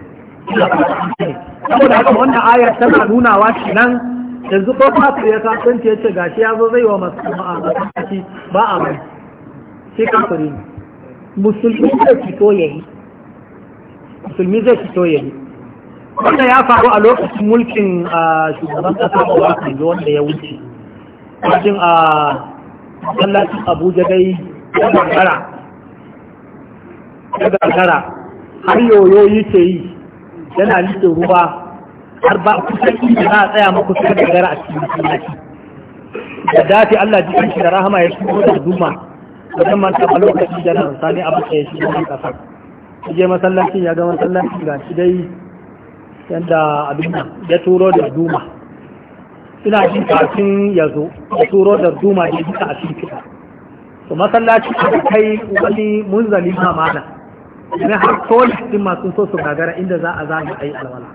saboda haka wannan ayar tana nunawa kenan yanzu ko kafir ya kasance ya ce gashi ya zo zai wa masallaci ba a mai sai kafirin musulmi zai fito yayi musulmi zai fito yi. wanda ya faru a lokacin mulkin shugaban kasa da wakil wanda ya wuce wajen a tsallacin abuja dai ya gagara ya gagara har yoyo yake yi yana liƙe ruwa har ba kusan inda za a tsaya maku suka gara a cikin masallaci da dafi Allah ji kanshi da rahama ya shigo da duma wajen ta taɓa lokacin da nan sani abu ya shigo da shi je masallacin ya ga masallacin ga shi dai yadda abin nan ya turo da duma ina jin kafin ya zo ya turo da duma ya ji a cikin to masallaci aka kai wani munzali mamana na har kowane cikin masu so su gagara inda za a za a yi alwala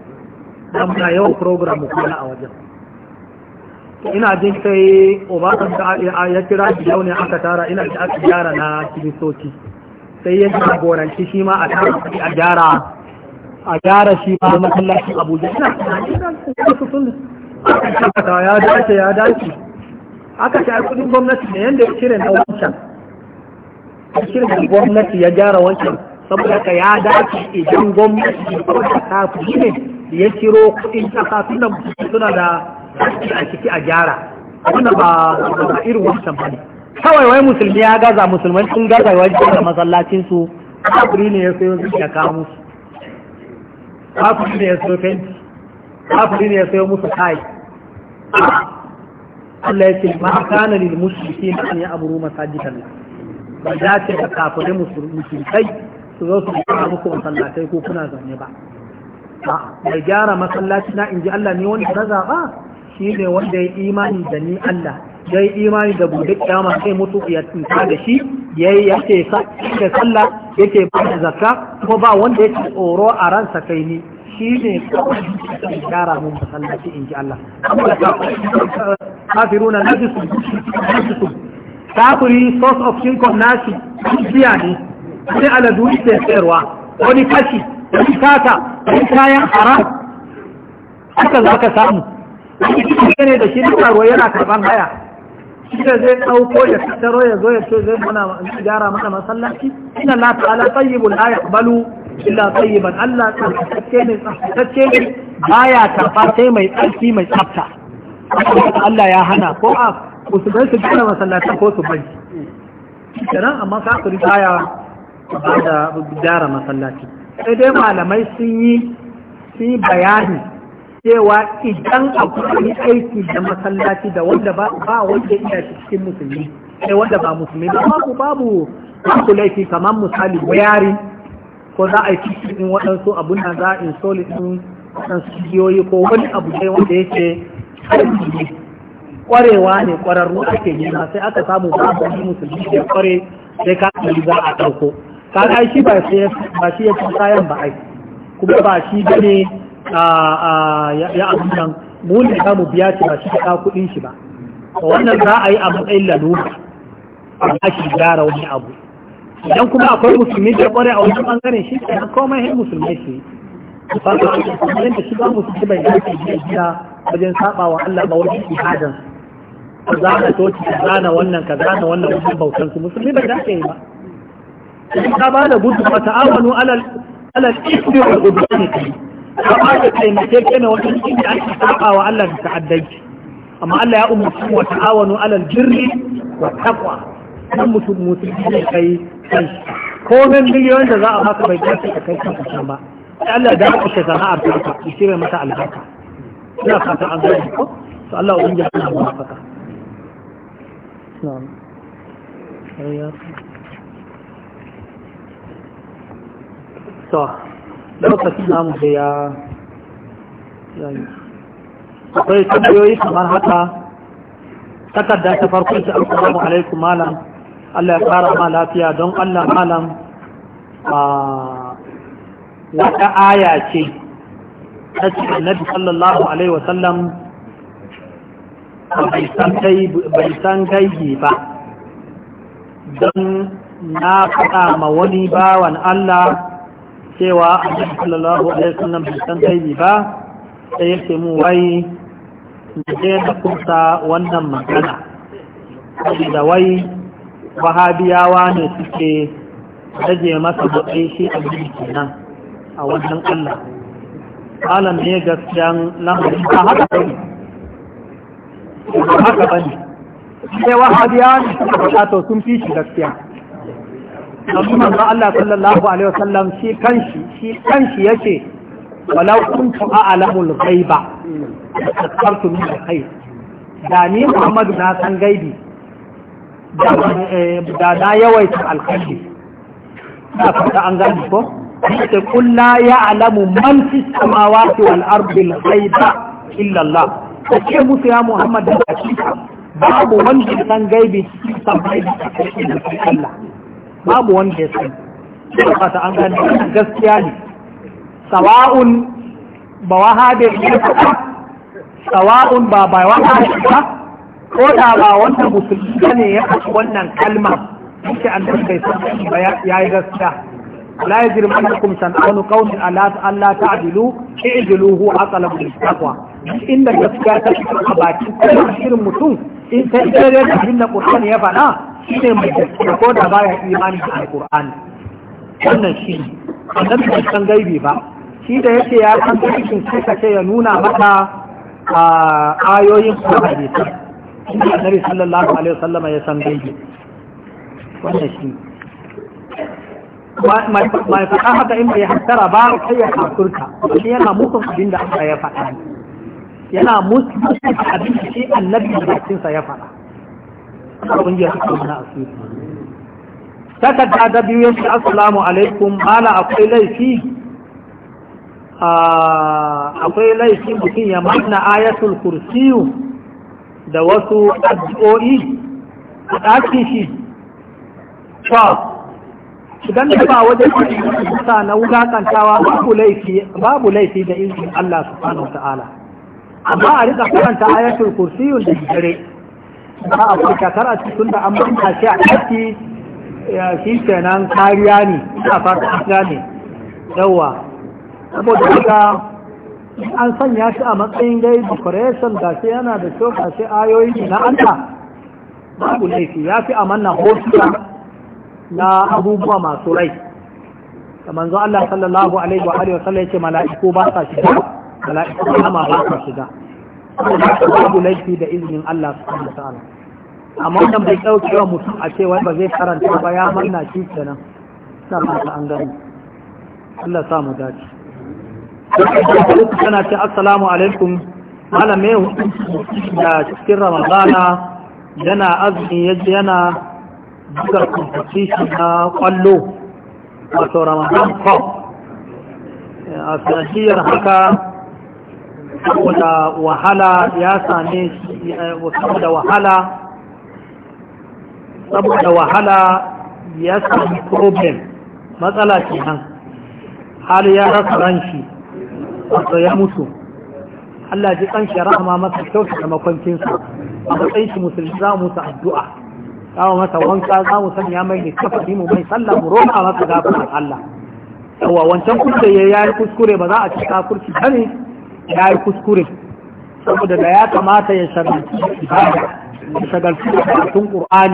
don muna yawan program mu kula a wajen ina jin sai obasan ta ya kira shi yau ne aka tara ina da aka gyara na kiristoci sai ya jagoranci shi ma a tara a gyara a gyara shi ma masallacin abuja ina aka ya dace ya dace aka ai kudin gwamnati ne yadda ya cire na wancan a cire gwamnati ya gyara wancan saboda ka ya dace idan gwamnati ko ta kafi ne ya kiro kuɗin ta kafin nan suna da a ciki a gyara wannan ba ba irin wancan bane kawai wai musulmi ya gaza musulmai sun gaza wajen da masallacin su kafiri ne ya sayo ya kawo musu kafiri ne ya sayo fenti kafiri ne ya sayo musu kai Allah ya ce ma kana lil ne an ya'muru masajidan ba za ta musulmi kai su zo su gyara muku masallatai ko kuna zaune ba mai gyara masallaci na in ji Allah ne wanda na zaɓa shi ne wanda ya imani da ni Allah ya yi imani da buɗe kyama sai mutu ya tsinta da shi ya yi yake sallah yake ba da zakka ko ba wanda yake tsoro a ransa kai ni shi ne kawai gyara mun masallaci in ji Allah kafiruna najisun kafiri source of income nashi biya ne wani aladu ita sayarwa wani kashi wani kata wani kayan haram haka za ka samu ne da shi duka ruwa yana karban haya shi da zai ɗauko ya tattaro ya zo ya ce zai muna gyara mana masallaci ina la ta'ala tayyibul la yaqbalu illa tayyiban Allah tsaftace ne tsaftace ne baya karba sai mai tsarki mai tsafta Allah ya hana ko a ku su su gina masallacin ko su bai kenan amma kafiri baya da gyara masallaci sai dai malamai sun yi bayani cewa idan akwai aiki da masallaci da wanda ba wanda iya cikin musulmi sai wanda ba musulmi ba babu babu babu laifi kamar misali yari, ko za a yi cikin waɗansu abun da za a insoli ɗin waɗansu ko wani abu dai wanda yake aiki ne kwarewa ne kwararru ake nema sai aka samu babu musulmi da kware sai ka za a ɗauko kan ai shi ba shi ya san kayan ba ai kuma ba shi gane ya abunan muni za mu biya shi ba shi ta kudin shi ba wannan za a yi a matsayin lalura a shi gyara wani abu idan kuma akwai musulmi da kware a wani bangaren shi ke komai hin musulmi shi fata a cikin da shi ba musulmi bai yake jiya gida wajen saba wa Allah ba wajen ihadan ka zana toki ka zana wannan ka zana wannan wajen bautan su musulmi bai dace ba ka ba da gudu ba ta'awanu alal alal ismi ka ba da taimake wata cikin da ake saba wa Allah da amma Allah ya umarci wa ta'awanu alal wa taqwa dan mutum ne kai kai miliyon da za a baka bai ka kai ba Allah da shi sana'ar ka mata albarka ina fata an gani ko to Allah ubangiji ya faka na'am to lokacin namu da ya yayi akwai tambayoyi kamar haka Takardar ta farko ta assalamu alaikum malam Allah ya kara ma lafiya don Allah malam a wata aya ce ta ce annabi sallallahu alaihi wasallam bai san gaigi ba don na faɗa ma wani bawan Allah cewa annabi sallallahu alaihi wasallam bai san gaibi ba sai yake mu wai da sai da kusa wannan magana da wai wahabiyawa ne suke rage masa buɗe shi a jirgin kenan a wannan Allah alam ne gaskiyan lamarin ba haka ba ne ba haka ba ne sai wahabiyawa ne suka fata sun fi shi gaskiya abu manzo Allah sallallahu alaihi wasallam shi kanshi shi kanshi yace walau kuntu a'lamul ghaiba takartu min alkhair da ni Muhammadu na san gaibi da eh, na yawaita alkhairi na fata an gani ko ta kulla ya alamu man fi samawati wal ardi al-ghaiba illa Allah ce musu ya Muhammad da hakika babu wanda san gaibi cikin sammai da cikin Allah babu wanda ya sani ba fata an gani gaskiya ne sawa'un ba wahabe ne sawa'un ba ba wahabe ba ko da ba wanda musulmi ne ya faɗi wannan kalma yake an da kai sun ba ya yi gaskiya la yajrimannakum shan'anu qawmin ala alla ta'dilu i'dilu huwa aqlabu lit-taqwa inda gaskiya ta fito a bakin kuma shirin mutum in ta ita da abin da Qur'ani ya faɗa shine mai gaskiya ko da baya imani da Al-Qur'ani wannan shi annabi bai san gaibi ba shi da yake ya san cikin suka ce ya nuna maka a ayoyin ko hadisi inda annabi sallallahu alaihi wasallama ya san gaibi wannan shi mai faɗa haka in bai hasara ba sai ya kafurta shi yana mutum abin da aka ya faɗa yana musulunci da abin da shi annabi da bakinsa ya faɗa abin da ya faɗa mana asiri takarda da biyu yanzu assalamu alaikum mala akwai laifi akwai laifin mutum ya manna ayatul kursiyu da wasu addu'o'i a ɗakin shi idan da ba wajen sa na wulakantawa babu laifi da izinin Allah subhanahu wa ta'ala amma a rika karanta ayatul kursi da dare ba a kwanta kar a cikin da an manta shi a ciki shi kenan kariya ne a fata an ne. yawa saboda haka an sanya shi a matsayin gai decoration da shi yana da shoka shi ayoyi na Allah babu laifi ya fi manna hotuna na abubuwa masu rai kamar zo Allah sallallahu alaihi wa alihi wa yake mala'iku ba sa shiga mala'ikun rahama ba ka shiga babu laifi da izinin Allah subhanahu wa ta'ala amma wannan bai dauke wa mutum a ce wai ba zai karanta ba ya manna shi nan. na fata an gani Allah sa mu dace kana ce assalamu alaikum malam da cikin ramadana yana azumi yana buga competition na kwallo wato ramadan cup a sanadiyar haka saboda wahala ya same eh, saboda wahala saboda wahala ya sami problem matsala ce nan har ya rasa ranshi wato ya mutu Allah ji kanshi ya rahama masa kyauta da makwancinsa a matsayin shi musulmi za mu sa addu'a za mu masa wanka za mu sanya mai ne kafa mu mai sallah mu roƙa masa gafara Allah yawa wancan kuskure ya yi kuskure ba za a kurki ba bane ya yi kuskure saboda da ya kamata ya shagaltu da batun ya shagaltu da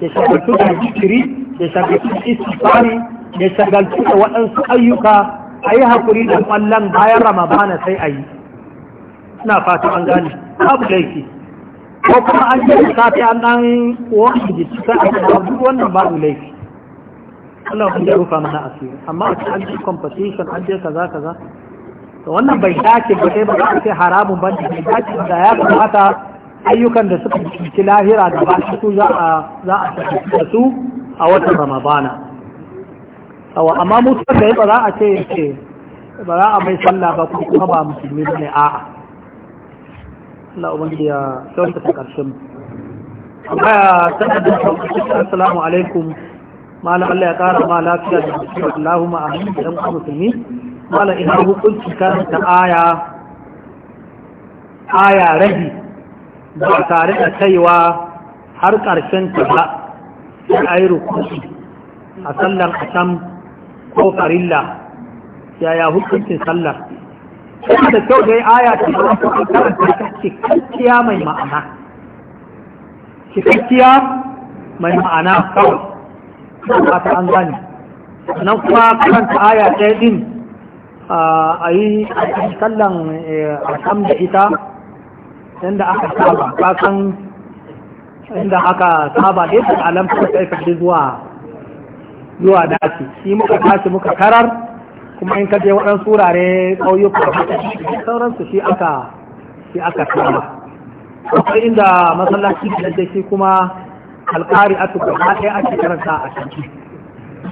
ya shagaltu da jikiri ya shagaltu da istifari ya shagaltu da waɗansu ayyuka a yi haƙuri da ƙwallon bayan ramabana sai a yi ina fata an gane babu laifi ko kuma an yi safi an ɗan wani jiki sai a yi duk wannan babu laifi Allah ya rufa mana asiri amma a cikin an ji competition an je kaza kaza to wannan bai dace ba sai ba za a ce haramun ban da dace da ya kamata ayyukan da suka ci lahira da ba su za a tafi da su a watan ramadana sawa amma mutuwar da ya ba za a ce ce ba za a mai sallah ba kuma ba musulmi ba ne a'a Allah ubangi ya kyauta ta karshen amma ya sanadin assalamu alaikum malam Allah ya kara ma lafiya da Allahumma amin da musulmi wala ina hukunci karanta aya aya rabi ba tare da kaiwa har ƙarshen ta ba sai a yi rukunci a sallar asam ko farilla yaya hukuncin sallar kuma da kyau dai aya ta zama ta karanta ta cikakkiya mai ma'ana cikakkiya mai ma'ana kawai ba ta an gane nan kuma karanta aya ɗaya din Ah, a yi sallan eh, asam da ita inda aka saba kasan inda aka saba da yadda alamta ta aika zuwa zuwa dace shi muka tashi muka karar kuma in kaje waɗansu wurare ƙauyuka sauransu shi aka shi aka saba akwai inda masallaci da shi kuma alƙari a tukar ɗaya ake karanta a cikin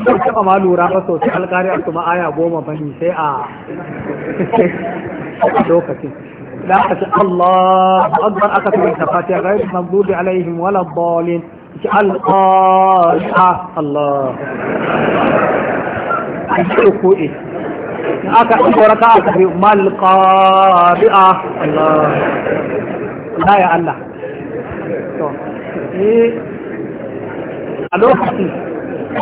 ba taɓa ma lura ba sosai alƙariya kuma aya goma ba ne sai a lokacin da aka ce Allah akbar aka fi ta fatiha ga yadda magdubi alaihim wala dalin ki al'a'a Allah an ce ko e aka ɗora ka aka fi malƙari'a Allah la ya Allah to eh a lokacin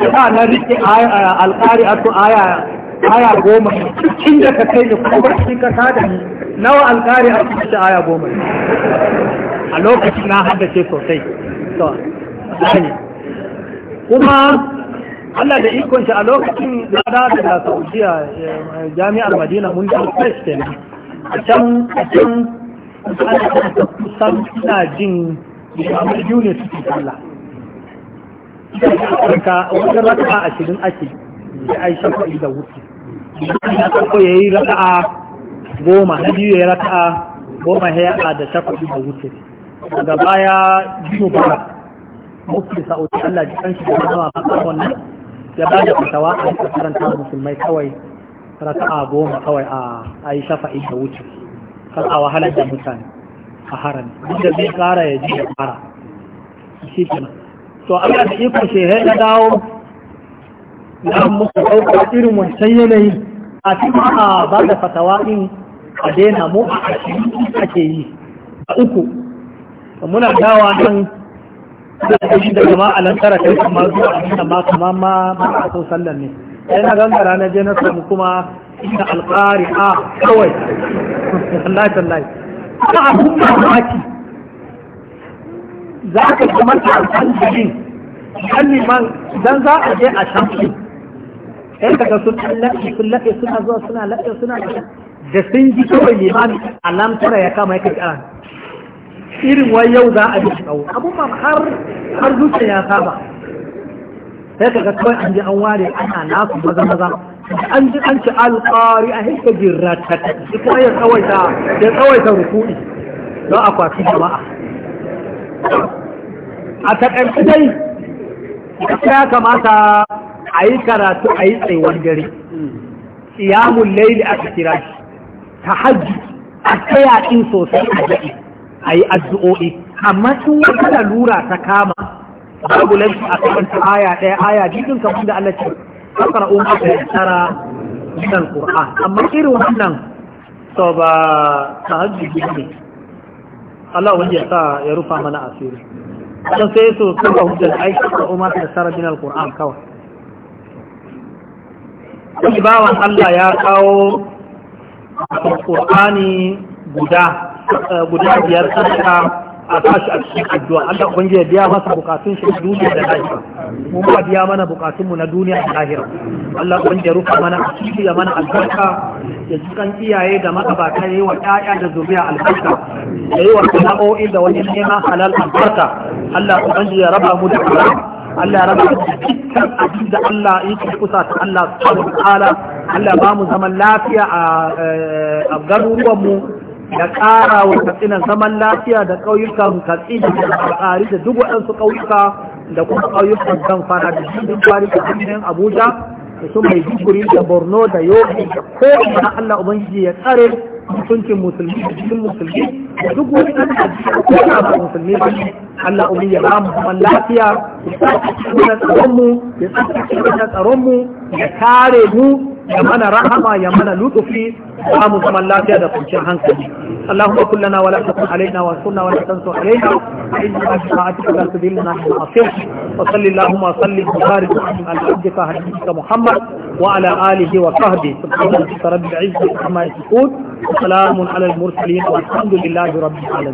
da na rike alƙari a aya aya goma da ka kai kuma shi ka da ni nawa alƙari a cikin aya goma a lokacin na ce sosai kuma Allah da ikon shi a lokacin na da da Saudiya eh, jami'ar Madina mun da test ne a can a can ana da kusan ina jin Islamu Unit Allah ka wata raka'a ashirin ake da aisha kuɗi da wuce na farko ya yi raka'a goma na biyu ya yi raka'a goma ya yaɗa da shafaɗi da wuce daga baya biyu bara mafi sa'o'i Allah ji kanshi da zama a kan ya ba da fitawa a yi karanta musulmai kawai raka'a goma kawai a ayi shafa'i da wuce kan a wahalar da mutane a haram duk da zai kara ya ji ya fara. shi kenan to Allah da iko sai ya dawo na musu ɗauka irin wancan yanayi a cikin a ba da fatawa din a daina mu a ashirin ake yi a uku muna dawa nan da kashi da jama'a lantara kai kuma zuwa inda ma kuma ma ma a so sallar ne sai na gangara na je na samu kuma inda alƙari a kawai (laughs) wallahi wallahi a kuma maki za ka ga matasan jirin kan liman idan za a je a shamsu sai kaga sun laɗe sun laɗe suna zuwa suna laɗe suna da sun ji kawai liman alam tara ya kama ya kai kira irin wai yau za a ji kawo abubuwan har har zuciya ya saba sai kaga kawai an je an ware ana nasu maza maza an ji an ci alƙari a hinka jirata shi kuma ya tsawaita ya tsawaita rukuni don akwati jama'a a taƙarfi dai ya kamata a yi karatu a yi tsayuwar dare iyamun laili aka kira shi ta hajji a tsaya in sosai a jaɗi a yi addu'o'i amma in wata lura ta kama babu lantarki a ta aya ɗaya aya jikin kamar da Allah ce kakar umar da tsara nan ƙura'a amma irin wannan so ba ta hajji ne Allah wani ya sa ya rufa mana asiri dan sai su kuma hujjar aiki da umar da sarabin min kawai wani bawan Allah ya kawo alqurani guda eh, guda biyar sarka a tashi a cikin addu'a Allah ubangiji ya biya masa bukatun shi na duniya da lahira mu ma biya mana bukatun mu na duniya da lahira Allah ubangiji ya rufa mana asiri ya mana albarka ya kan iyaye da magabata yi wa ƴaƴa da zuriya albarka yi wa sana'o'i da wani neman halal albarka Allah ubangiji ya raba mu da haram Allah ya raba dukkan abin da Allah yake kusa ta Allah subhanahu wa ta'ala Allah ba mu zaman lafiya a eh, garuruwan mu da ƙara wa katsina zaman lafiya da ƙauyukan katsi da tsari da duk waɗansu ƙauyuka da kuma ƙauyukan fara da jirgin kwari da jirgin abuja da su mai jikuri da borno da yobe da na allah ubangiji ya tsare mutuncin musulmi da jikin musulmi da duk wani ɗan da ko da ba musulmi da allah ubangiji ya ba mu zaman lafiya ya tsare cikin tsaronmu ya tsare mu ya kare mu ya mana rahama ya mana lutufi ba mu zaman lafiya da kwanciyar hankali اللهم كن لنا ولا تكن علينا وانصرنا ولا تنصر علينا فإننا بطاعتك لا تذلنا حين عصيت وصل اللهم وسلم وبارك على عبدك حبيبك محمد وعلى آله وصحبه سبحان ربك رب العزة عما يصفون وسلام على المرسلين والحمد لله رب العالمين